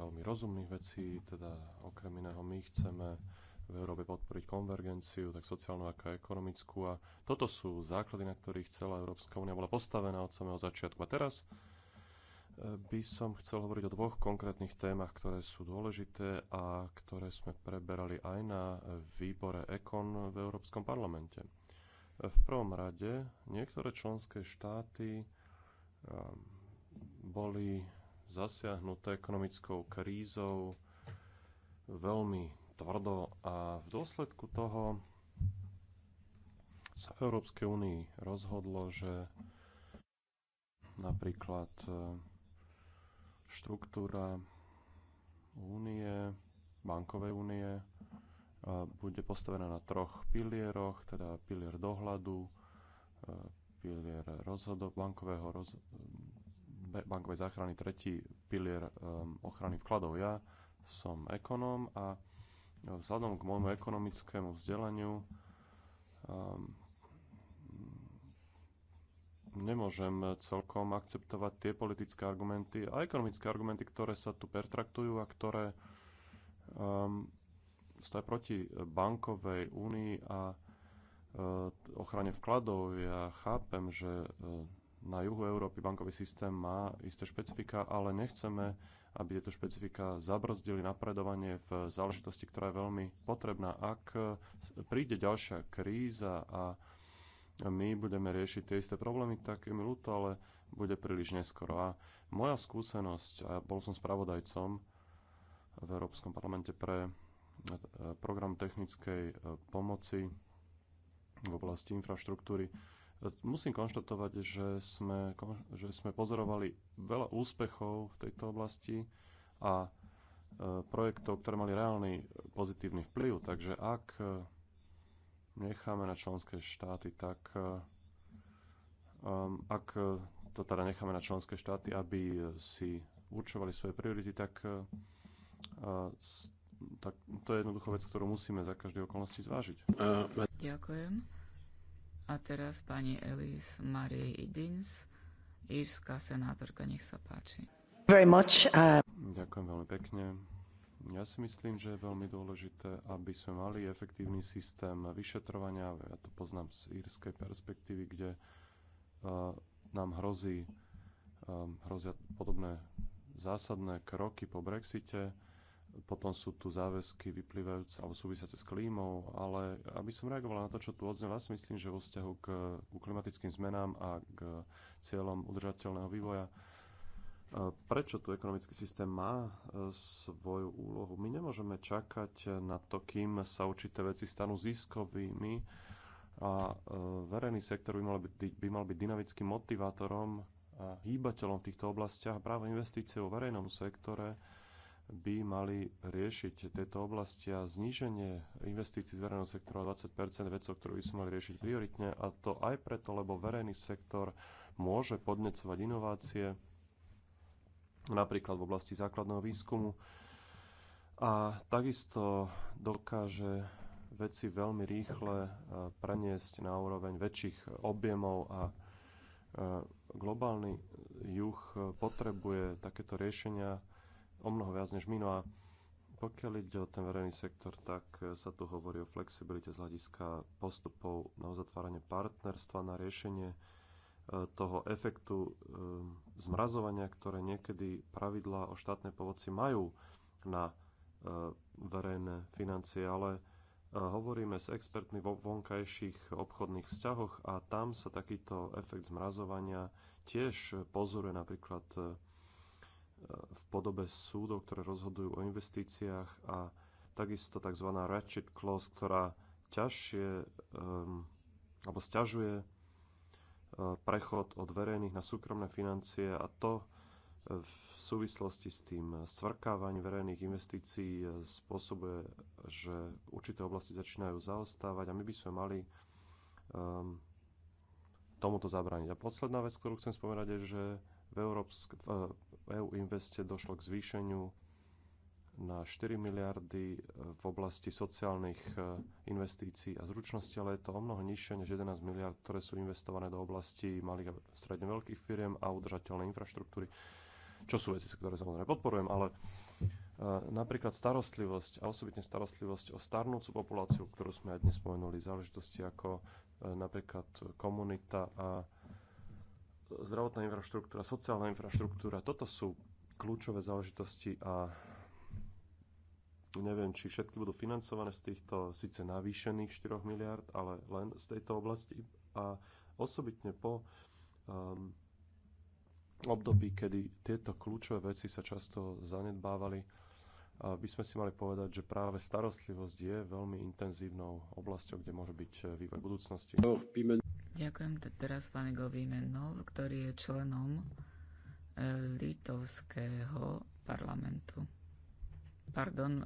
veľmi rozumných vecí, teda okrem iného my chceme v Európe podporiť konvergenciu, tak sociálnu ako ekonomickú a toto sú základy, na ktorých celá Európska únia bola postavená od samého začiatku. A teraz by som chcel hovoriť o dvoch konkrétnych témach, ktoré sú dôležité a ktoré sme preberali aj na výbore EKON v Európskom parlamente. V prvom rade niektoré členské štáty um, boli zasiahnuté ekonomickou krízou veľmi tvrdo a v dôsledku toho sa v Európskej únii rozhodlo, že napríklad štruktúra únie, bankovej únie bude postavená na troch pilieroch, teda pilier dohľadu, e, pilier rozhodo- bankového roz- bankovej záchrany, tretí pilier e, ochrany vkladov. Ja som ekonóm a vzhľadom k môjmu ekonomickému vzdelaniu e, nemôžem celkom akceptovať tie politické argumenty a ekonomické argumenty, ktoré sa tu pertraktujú a ktoré um, stojí proti bankovej únii a uh, ochrane vkladov. Ja chápem, že uh, na juhu Európy bankový systém má isté špecifika, ale nechceme, aby tieto špecifika zabrzdili napredovanie v záležitosti, ktorá je veľmi potrebná. Ak uh, príde ďalšia kríza a my budeme riešiť tie isté problémy, tak je mi ľúto, ale bude príliš neskoro. A moja skúsenosť, a bol som spravodajcom v Európskom parlamente pre e, program technickej e, pomoci v oblasti infraštruktúry, e, musím konštatovať, že sme, že sme pozorovali veľa úspechov v tejto oblasti a projektov, ktoré mali reálny pozitívny vplyv. Takže ak necháme na členské štáty, tak eh, um, ak eh, to teda necháme na členské štáty, aby eh, si určovali svoje priority, tak, uh, tak to je jednoducho vec, ktorú musíme za každé okolnosti zvážiť. Ďakujem. A teraz pani Elis Marie Idins, írska senátorka, nech sa páči. Very much, uh... Ďakujem veľmi pekne. Ja si myslím, že je veľmi dôležité, aby sme mali efektívny systém vyšetrovania. Ja to poznám z írskej perspektívy, kde e, nám hrozí, e, hrozia podobné zásadné kroky po Brexite. Potom sú tu záväzky vyplývajúce alebo súvisiace s klímou, ale aby som reagoval na to, čo tu odznelo, ja si myslím, že vo vzťahu k, k klimatickým zmenám a k cieľom udržateľného vývoja prečo tu ekonomický systém má e, svoju úlohu. My nemôžeme čakať na to, kým sa určité veci stanú ziskovými a e, verejný sektor by mal byť, by mal byť dynamickým motivátorom a hýbateľom v týchto oblastiach. Práve investície vo verejnom sektore by mali riešiť tieto oblasti a zníženie investícií z verejného sektora o 20 vecov, ktoré by sme mali riešiť prioritne a to aj preto, lebo verejný sektor môže podnecovať inovácie, napríklad v oblasti základného výskumu. A takisto dokáže veci veľmi rýchle e, preniesť na úroveň väčších objemov a e, globálny juh potrebuje takéto riešenia o mnoho viac než my. No a pokiaľ ide o ten verejný sektor, tak e, sa tu hovorí o flexibilite z hľadiska postupov na uzatváranie partnerstva, na riešenie E, toho efektu e, zmrazovania, ktoré niekedy pravidlá o štátnej pomoci majú na e, verejné financie, ale hovoríme s expertmi vo vonkajších obchodných vzťahoch a tam sa takýto efekt zmrazovania tiež pozoruje napríklad v podobe súdov, ktoré rozhodujú o investíciách a takisto tzv. ratchet clause, ktorá ťažšie um, alebo stiažuje prechod od verejných na súkromné financie a to v súvislosti s tým svrkávaním verejných investícií spôsobuje, že určité oblasti začínajú zaostávať a my by sme mali um, tomuto zabrániť. A posledná vec, ktorú chcem spomenúť, je, že v, Európsk, EU eh, e investe došlo k zvýšeniu na 4 miliardy e, v oblasti sociálnych e, investícií a zručnosti, ale je to o mnoho nižšie než 11 miliard, ktoré sú investované do oblasti malých a stredne veľkých firiem a udržateľnej infraštruktúry, čo sú veci, ktoré samozrejme podporujem, ale e, napríklad starostlivosť a osobitne starostlivosť o starnúcu populáciu, ktorú sme aj dnes spomenuli, záležitosti ako napríklad komunita a zdravotná infraštruktúra, sociálna infraštruktúra, toto sú kľúčové záležitosti a Neviem, či všetky budú financované z týchto síce navýšených 4 miliard, ale len z tejto oblasti. A osobitne po um, období, kedy tieto kľúčové veci sa často zanedbávali, by sme si mali povedať, že práve starostlivosť je veľmi intenzívnou oblasťou, kde môže byť e, vývoj budúcnosti. Ďakujem teraz Vanigovi Menov, ktorý je členom e, litovského parlamentu pardon, e,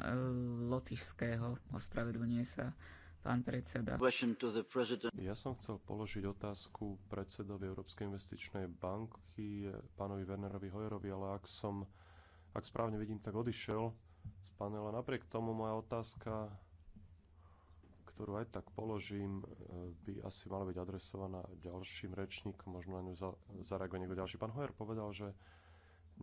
lotišského. Ospravedlňuje sa pán predseda. Ja som chcel položiť otázku predsedovi Európskej investičnej banky, pánovi Wernerovi Hojerovi, ale ak som, ak správne vidím, tak odišiel z panela. Napriek tomu moja otázka, ktorú aj tak položím, e, by asi mala byť adresovaná ďalším rečníkom, možno na ňu zareaguje niekto ďalší. Pán Hojer povedal, že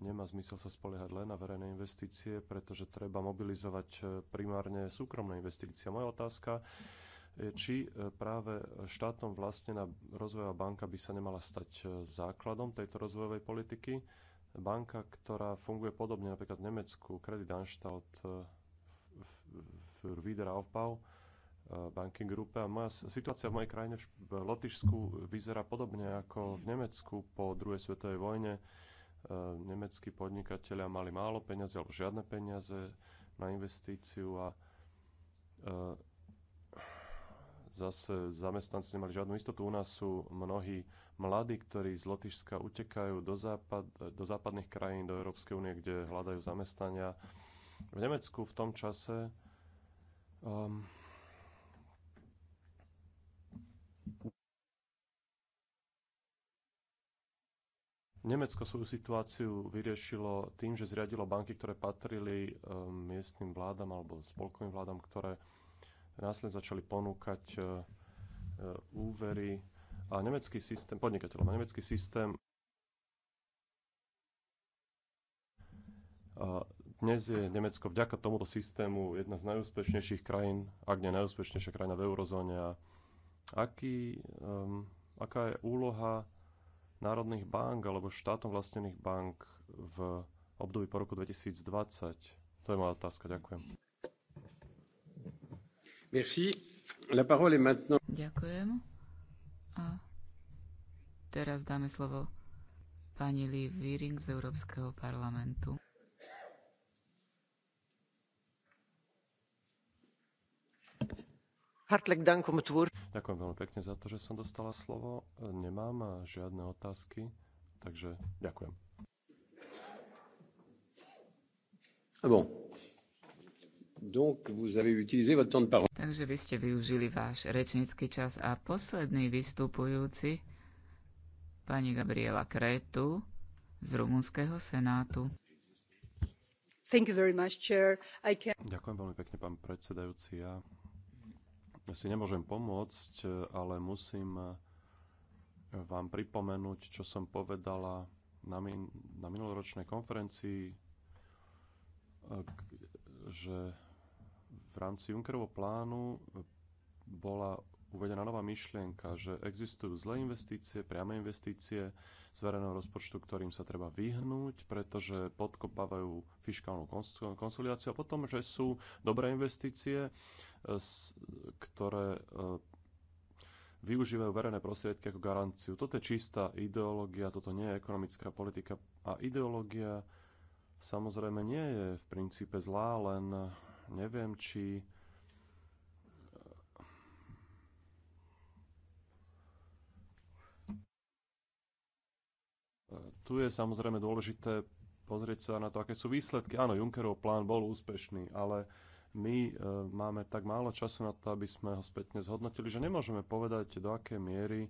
Nemá zmysel sa spoliehať len na verejné investície, pretože treba mobilizovať e, primárne súkromné investície. Moja otázka je, či e, práve štátom vlastnená rozvojová banka by sa nemala stať e, základom tejto rozvojovej politiky. Banka, ktorá funguje podobne napríklad v Nemecku, Credit Anstalt, für Wiederaufbau, Banking Group. A moja situácia v mojej krajine v Lotyšsku vyzerá podobne ako v Nemecku po druhej svetovej vojne E, nemeckí podnikatelia mali málo peniazy alebo žiadne peniaze na investíciu a e, zase zamestnanci nemali žiadnu istotu. U nás sú mnohí mladí, ktorí z Lotyšska utekajú do, západ, do západných krajín, do Európskej únie, kde hľadajú zamestnania. V Nemecku v tom čase um, Nemecko svoju situáciu vyriešilo tým, že zriadilo banky, ktoré patrili e, miestnym vládam alebo spolkovým vládam, ktoré následne začali ponúkať e, e, úvery a nemecký systém, podnikateľom a nemecký systém a dnes je Nemecko vďaka tomuto systému jedna z najúspešnejších krajín, ak nie najúspešnejšia krajina v eurozóne. A aký, um, aká je úloha národných bank alebo štátom vlastnených bank v období po roku 2020? To je moja otázka. Ďakujem. Merci. La parole est maintenant... Ďakujem. A teraz dáme slovo pani Lee Viering z Európskeho parlamentu. Hartlek dank om het woord. Ďakujem veľmi pekne za to, že som dostala slovo. Nemám žiadne otázky, takže ďakujem. Ah bon. Donc, vous avez utilisé votre temps de parole. Takže vy ste využili váš rečnický čas a posledný vystupujúci, pani Gabriela Kretu z Rumunského senátu. Thank you very much, chair. I can... Ďakujem veľmi pekne, pán predsedajúci. Ja ja si nemôžem pomôcť, e, ale musím e, vám pripomenúť, čo som povedala na, min- na minuloročnej konferencii, e, že v rámci Junckerovho plánu bola uvedená nová myšlienka, že existujú zlé investície, priame investície z verejného rozpočtu, ktorým sa treba vyhnúť, pretože podkopávajú fiskálnu konsolidáciu a potom, že sú dobré investície, e, ktoré e, využívajú verejné prostriedky ako garanciu. Toto je čistá ideológia, toto nie je ekonomická politika a ideológia samozrejme nie je v princípe zlá, len neviem, či Tu je samozrejme dôležité pozrieť sa na to, aké sú výsledky. Áno, Junckerov plán bol úspešný, ale my e, máme tak málo času na to, aby sme ho spätne zhodnotili, že nemôžeme povedať, do akej miery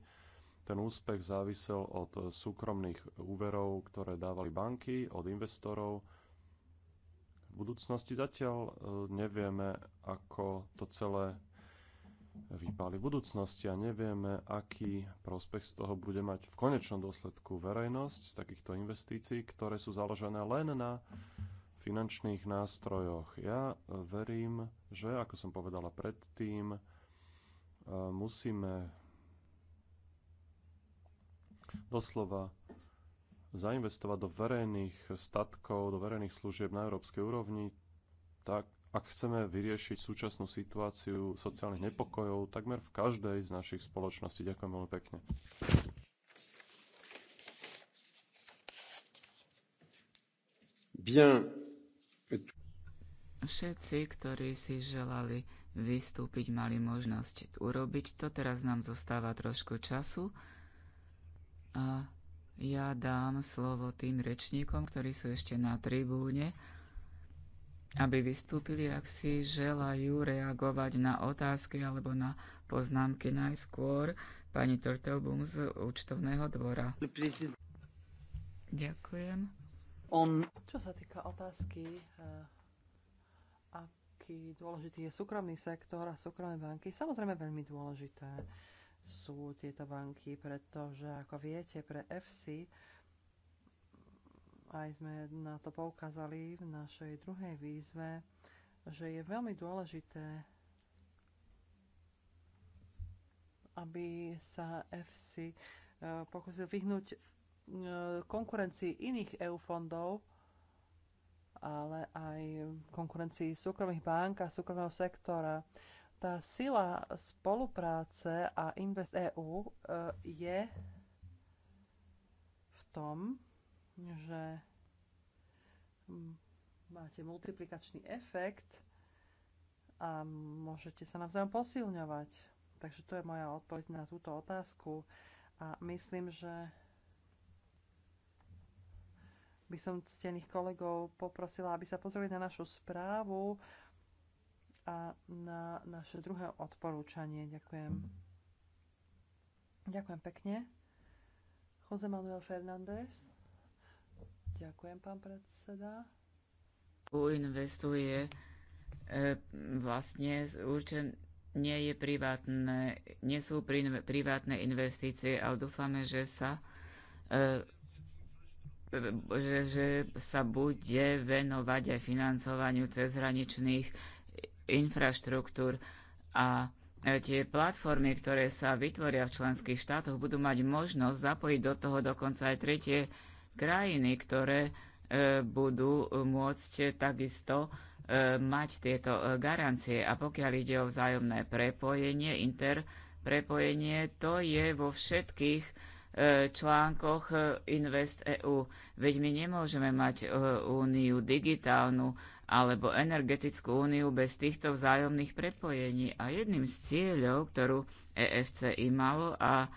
ten úspech závisel od súkromných úverov, ktoré dávali banky, od investorov. V budúcnosti zatiaľ e, nevieme, ako to celé vypáli v budúcnosti a nevieme, aký prospech z toho bude mať v konečnom dôsledku verejnosť z takýchto investícií, ktoré sú založené len na finančných nástrojoch. Ja e, verím, že, ako som povedala predtým, e, musíme doslova zainvestovať do verejných statkov, do verejných služieb na európskej úrovni tak, ak chceme vyriešiť súčasnú situáciu sociálnych nepokojov takmer v každej z našich spoločností, ďakujem veľmi pekne. Bien. Všetci, ktorí si želali vystúpiť, mali možnosť urobiť to. Teraz nám zostáva trošku času. A ja dám slovo tým rečníkom, ktorí sú ešte na tribúne aby vystúpili, ak si želajú reagovať na otázky alebo na poznámky najskôr pani Tortelbum z účtovného dvora. Ďakujem. On. Čo sa týka otázky, eh, aký dôležitý je súkromný sektor a súkromné banky, samozrejme veľmi dôležité sú tieto banky, pretože ako viete, pre FC aj sme na to poukázali v našej druhej výzve, že je veľmi dôležité, aby sa FC e, pokusil vyhnúť e, konkurencii iných EU fondov, ale aj konkurencii súkromných bank a súkromného sektora. Tá sila spolupráce a Invest EU e, je v tom, že hm, máte multiplikačný efekt a môžete sa navzájom posilňovať. Takže to je moja odpoveď na túto otázku a myslím, že by som ctených kolegov poprosila, aby sa pozreli na našu správu a na naše druhé odporúčanie. Ďakujem. Ďakujem pekne. Jose Manuel Fernández. Ďakujem, pán predseda. U Investuje e, vlastne určen, nie, je privátne, nie sú privátne investície, ale dúfame, že sa, e, že, že sa bude venovať aj financovaniu cezhraničných infraštruktúr a e, tie platformy, ktoré sa vytvoria v členských štátoch, budú mať možnosť zapojiť do toho dokonca aj tretie krajiny, ktoré e, budú môcť takisto e, mať tieto e, garancie. A pokiaľ ide o vzájomné prepojenie, interprepojenie, to je vo všetkých článkoch Invest EU. Veď my nemôžeme mať úniu digitálnu alebo energetickú úniu bez týchto vzájomných prepojení. A jedným z cieľov, ktorú EFC imalo a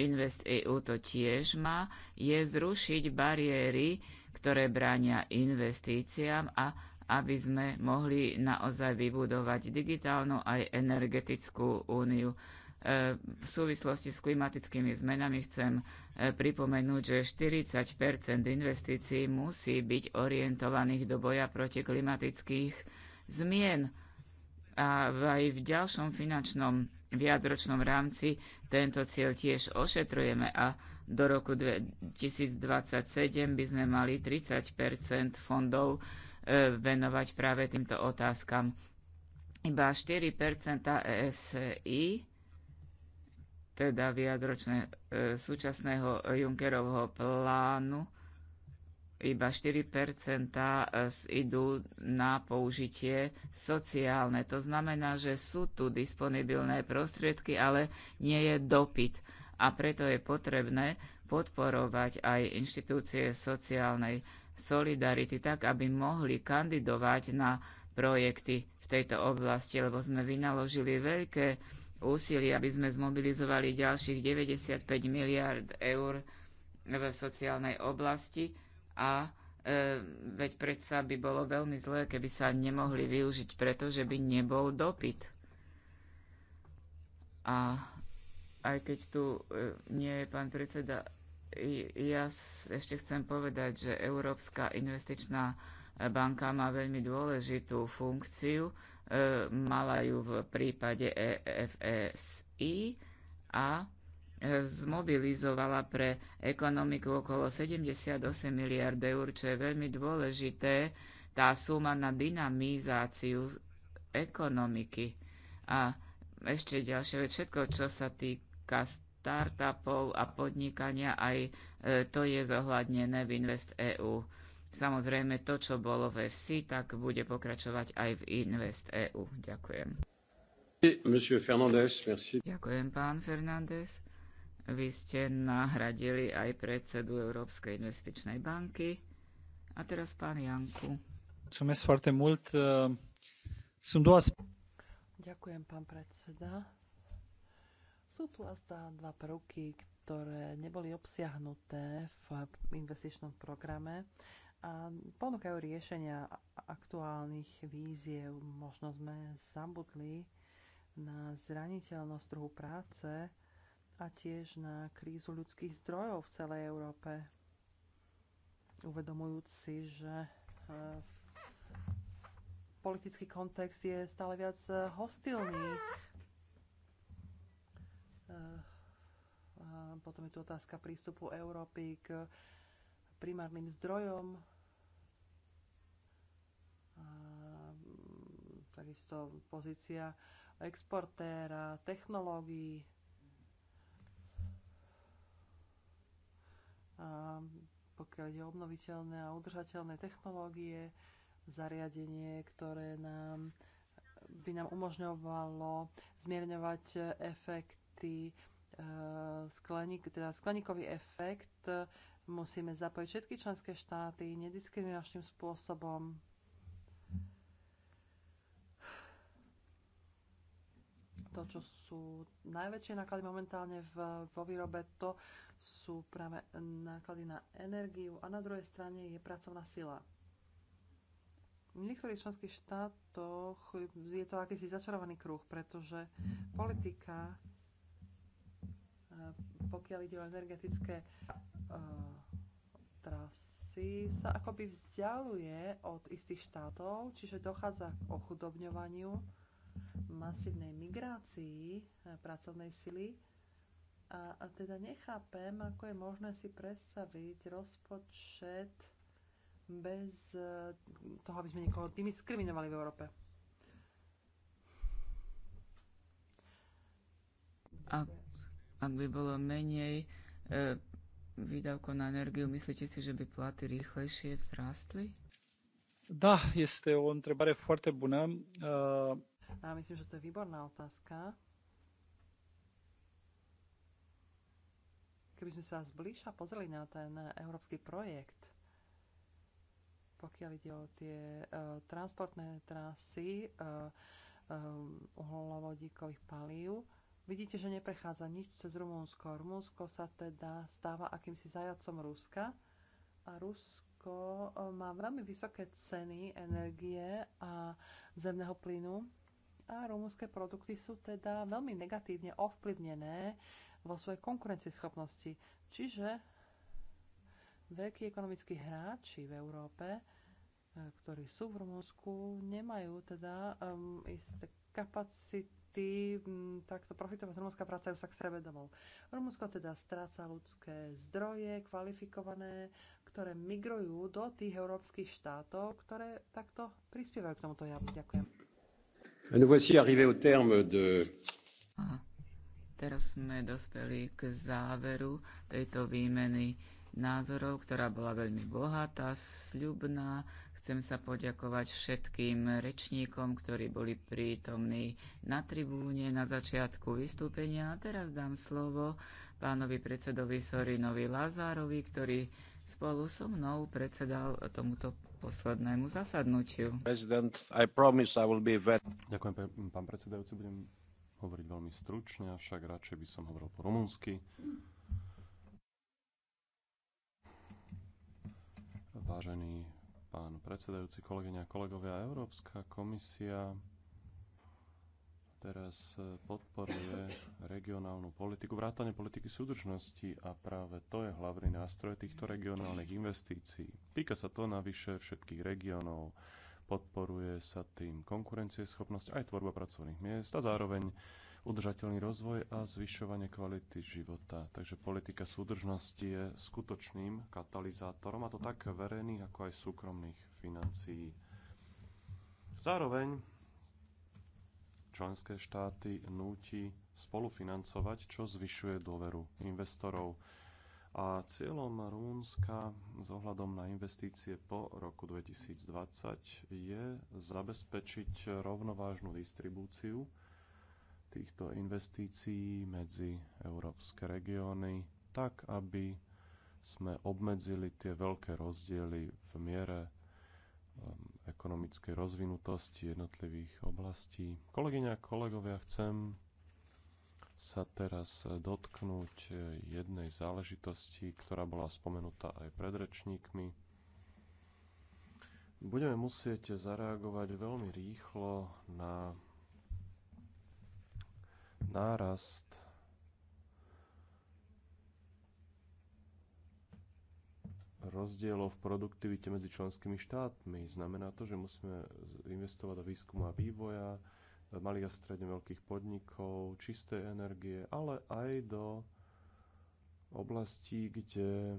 Invest EU to tiež má, je zrušiť bariéry, ktoré bránia investíciám a aby sme mohli naozaj vybudovať digitálnu aj energetickú úniu. E, v súvislosti s klimatickými zmenami chcem e, pripomenúť, že 40 investícií musí byť orientovaných do boja proti klimatických zmien. A aj v ďalšom finančnom viacročnom rámci tento cieľ tiež ošetrujeme a do roku 2027 by sme mali 30 fondov e, venovať práve týmto otázkam. Iba 4 ESI, teda viacročné e, súčasného Junckerovho plánu, iba 4% e, idú na použitie sociálne. To znamená, že sú tu disponibilné prostriedky, ale nie je dopyt. A preto je potrebné podporovať aj inštitúcie sociálnej solidarity tak, aby mohli kandidovať na projekty v tejto oblasti, lebo sme vynaložili veľké úsilie, aby sme zmobilizovali ďalších 95 miliard eur v sociálnej oblasti a e, veď predsa by bolo veľmi zlé, keby sa nemohli využiť, pretože by nebol dopyt. A aj keď tu e, nie je pán predseda, ja ešte chcem povedať, že Európska investičná e, banka má veľmi dôležitú funkciu. E, mala ju v prípade EFSI e a zmobilizovala pre ekonomiku okolo 78 miliard eur, čo je veľmi dôležité, tá suma na dynamizáciu ekonomiky. A ešte ďalšie, všetko, čo sa týka startupov a podnikania, aj e, to je zohľadnené v Invest EU. Samozrejme, to, čo bolo v FC, tak bude pokračovať aj v Invest EU. Ďakujem. Ďakujem, pán Fernández. Vy ste nahradili aj predsedu Európskej investičnej banky. A teraz pán Janku. foarte mult. Sunt două... Ďakujem, pán predseda. Sú tu asi dva prvky, ktoré neboli obsiahnuté v investičnom programe a ponúkajú riešenia aktuálnych víziev. Možno sme zabudli na zraniteľnosť trhu práce a tiež na krízu ľudských zdrojov v celej Európe. Uvedomujúc si, že eh, politický kontext je stále viac eh, hostilný. Eh, potom je tu otázka prístupu Európy k primárnym zdrojom. Mm, takisto pozícia exportéra, technológií, pokiaľ ide obnoviteľné a udržateľné technológie, zariadenie, ktoré nám, by nám umožňovalo zmierňovať efekty e, skleník, teda skleníkový efekt musíme zapojiť všetky členské štáty nediskriminačným spôsobom. To, čo sú najväčšie náklady momentálne v, vo výrobe, to sú práve náklady na energiu a na druhej strane je pracovná sila. V niektorých členských štátoch je to akýsi začarovaný kruh, pretože politika, eh, pokiaľ ide o energetické eh, trasy, sa akoby vzdialuje od istých štátov, čiže dochádza k ochudobňovaniu, masívnej migrácii eh, pracovnej sily a, a teda nechápem, ako je možné si predstaviť rozpočet bez e, toho, aby sme niekoho tým diskriminovali v Európe. Ak, ak by bolo menej e, výdavkov na energiu, myslíte si, že by platy rýchlejšie vzrástli? Da, on treba je forte bună. Uh... myslím, že to je výborná otázka. keby sme sa zbliža pozreli na ten európsky projekt, pokiaľ ide o tie uh, transportné trasy uh, e, um, e, uhlovodíkových palív, vidíte, že neprechádza nič cez Rumunsko. Rumunsko sa teda stáva akýmsi zajacom Ruska a Rusko uh, má veľmi vysoké ceny energie a zemného plynu a rumúnske produkty sú teda veľmi negatívne ovplyvnené vo svojej konkurencieschopnosti. Čiže veľkí ekonomickí hráči v Európe, e, ktorí sú v Rumúnsku, nemajú teda um, isté kapacity um, takto profitovať z Rumúnska, vracajú sa k sebe domov. Rumúnsko teda stráca ľudské zdroje, kvalifikované, ktoré migrujú do tých európskych štátov, ktoré takto prispievajú k tomuto javu. Ďakujem. Nous voici arrivés au terme de... Uh-huh. Teraz sme dospeli k záveru tejto výmeny názorov, ktorá bola veľmi bohatá, sľubná. Chcem sa poďakovať všetkým rečníkom, ktorí boli prítomní na tribúne na začiatku vystúpenia. A teraz dám slovo pánovi predsedovi Sorinovi Lazárovi, ktorý spolu so mnou predsedal tomuto poslednému zasadnutiu. I I very... Ďakujem, pán predsedajúci, budem hovoriť veľmi stručne, avšak radšej by som hovoril po rumunsky. Vážený pán predsedajúci, kolegyňa a kolegovia, Európska komisia teraz podporuje regionálnu politiku, vrátane politiky súdržnosti a práve to je hlavný nástroj týchto regionálnych investícií. Týka sa to navyše všetkých regiónov, podporuje sa tým konkurencieschopnosť aj tvorba pracovných miest a zároveň udržateľný rozvoj a zvyšovanie kvality života. Takže politika súdržnosti je skutočným katalizátorom, a to tak verejných, ako aj súkromných financií. Zároveň členské štáty núti spolufinancovať, čo zvyšuje dôveru investorov. A cieľom Rumunska s ohľadom na investície po roku 2020 je zabezpečiť rovnovážnu distribúciu týchto investícií medzi európske regióny, tak aby sme obmedzili tie veľké rozdiely v miere um, ekonomickej rozvinutosti jednotlivých oblastí. Kolegyňa a kolegovia, chcem sa teraz dotknúť jednej záležitosti, ktorá bola spomenutá aj pred rečníkmi. Budeme musieť zareagovať veľmi rýchlo na nárast rozdielov v produktivite medzi členskými štátmi. Znamená to, že musíme investovať do výskumu a vývoja, malých a stredne veľkých podnikov, čistej energie, ale aj do oblastí, kde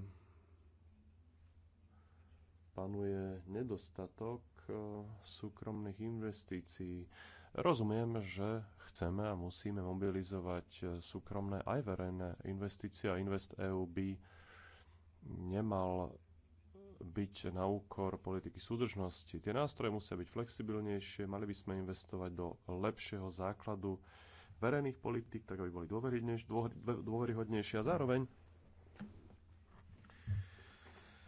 panuje nedostatok e, súkromných investícií. Rozumiem, že chceme a musíme mobilizovať e, súkromné aj verejné investície a Invest EU by nemal byť na úkor politiky súdržnosti. Tie nástroje musia byť flexibilnejšie, mali by sme investovať do lepšieho základu verejných politik, tak aby boli dôveryhodnejšie a zároveň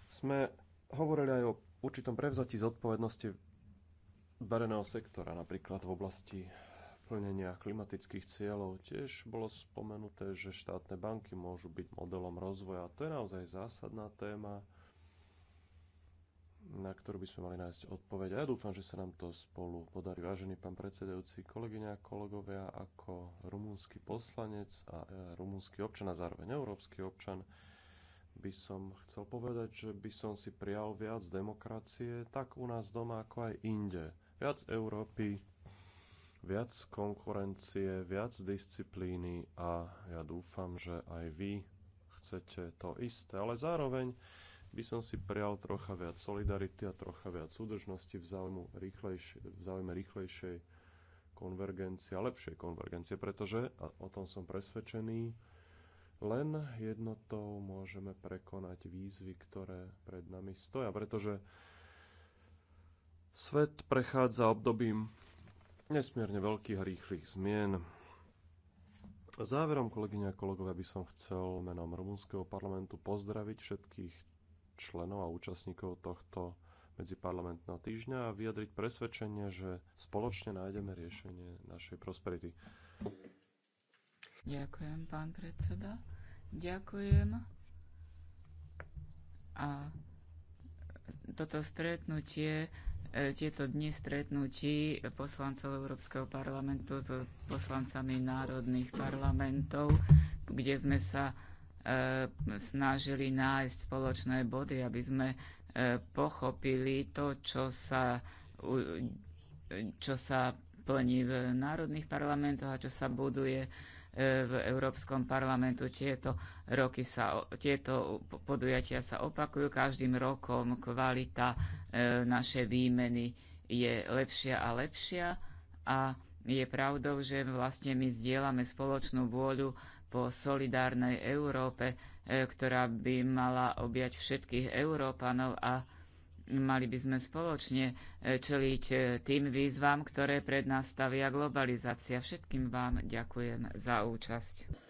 sme hovorili aj o určitom prevzatí zodpovednosti verejného sektora, napríklad v oblasti plnenia klimatických cieľov. Tiež bolo spomenuté, že štátne banky môžu byť modelom rozvoja. To je naozaj zásadná téma na ktorú by sme mali nájsť odpoveď. A ja dúfam, že sa nám to spolu podarí. Vážený pán predsedajúci, kolegyňa, kolegovia, ako rumúnsky poslanec a e, rumúnsky občan a zároveň európsky občan, by som chcel povedať, že by som si prijal viac demokracie, tak u nás doma, ako aj inde. Viac Európy, viac konkurencie, viac disciplíny a ja dúfam, že aj vy chcete to isté. Ale zároveň by som si prial trocha viac solidarity a trocha viac súdržnosti v, rýchlejš- v záujme rýchlejšej konvergencie a lepšej konvergencie, pretože, a o tom som presvedčený, len jednotou môžeme prekonať výzvy, ktoré pred nami stoja, pretože svet prechádza obdobím nesmierne veľkých a rýchlych zmien. Záverom, kolegyne a kolegovia, by som chcel menom Rumunského parlamentu pozdraviť všetkých členov a účastníkov tohto medziparlamentného týždňa a vyjadriť presvedčenie, že spoločne nájdeme riešenie našej prosperity. Ďakujem, pán predseda. Ďakujem. A toto stretnutie, e, tieto dni stretnutí poslancov Európskeho parlamentu s poslancami národných parlamentov, kde sme sa E, snažili nájsť spoločné body, aby sme e, pochopili to, čo sa, čo sa plní v národných parlamentoch a čo sa buduje e, v Európskom parlamentu. Tieto, roky sa, tieto podujatia sa opakujú každým rokom. Kvalita našej výmeny je lepšia a lepšia a je pravdou, že vlastne my zdieľame spoločnú vôľu po solidárnej Európe, e, ktorá by mala objať všetkých Európanov a mali by sme spoločne e, čeliť e, tým výzvam, ktoré pred nás stavia globalizácia. Všetkým vám ďakujem za účasť.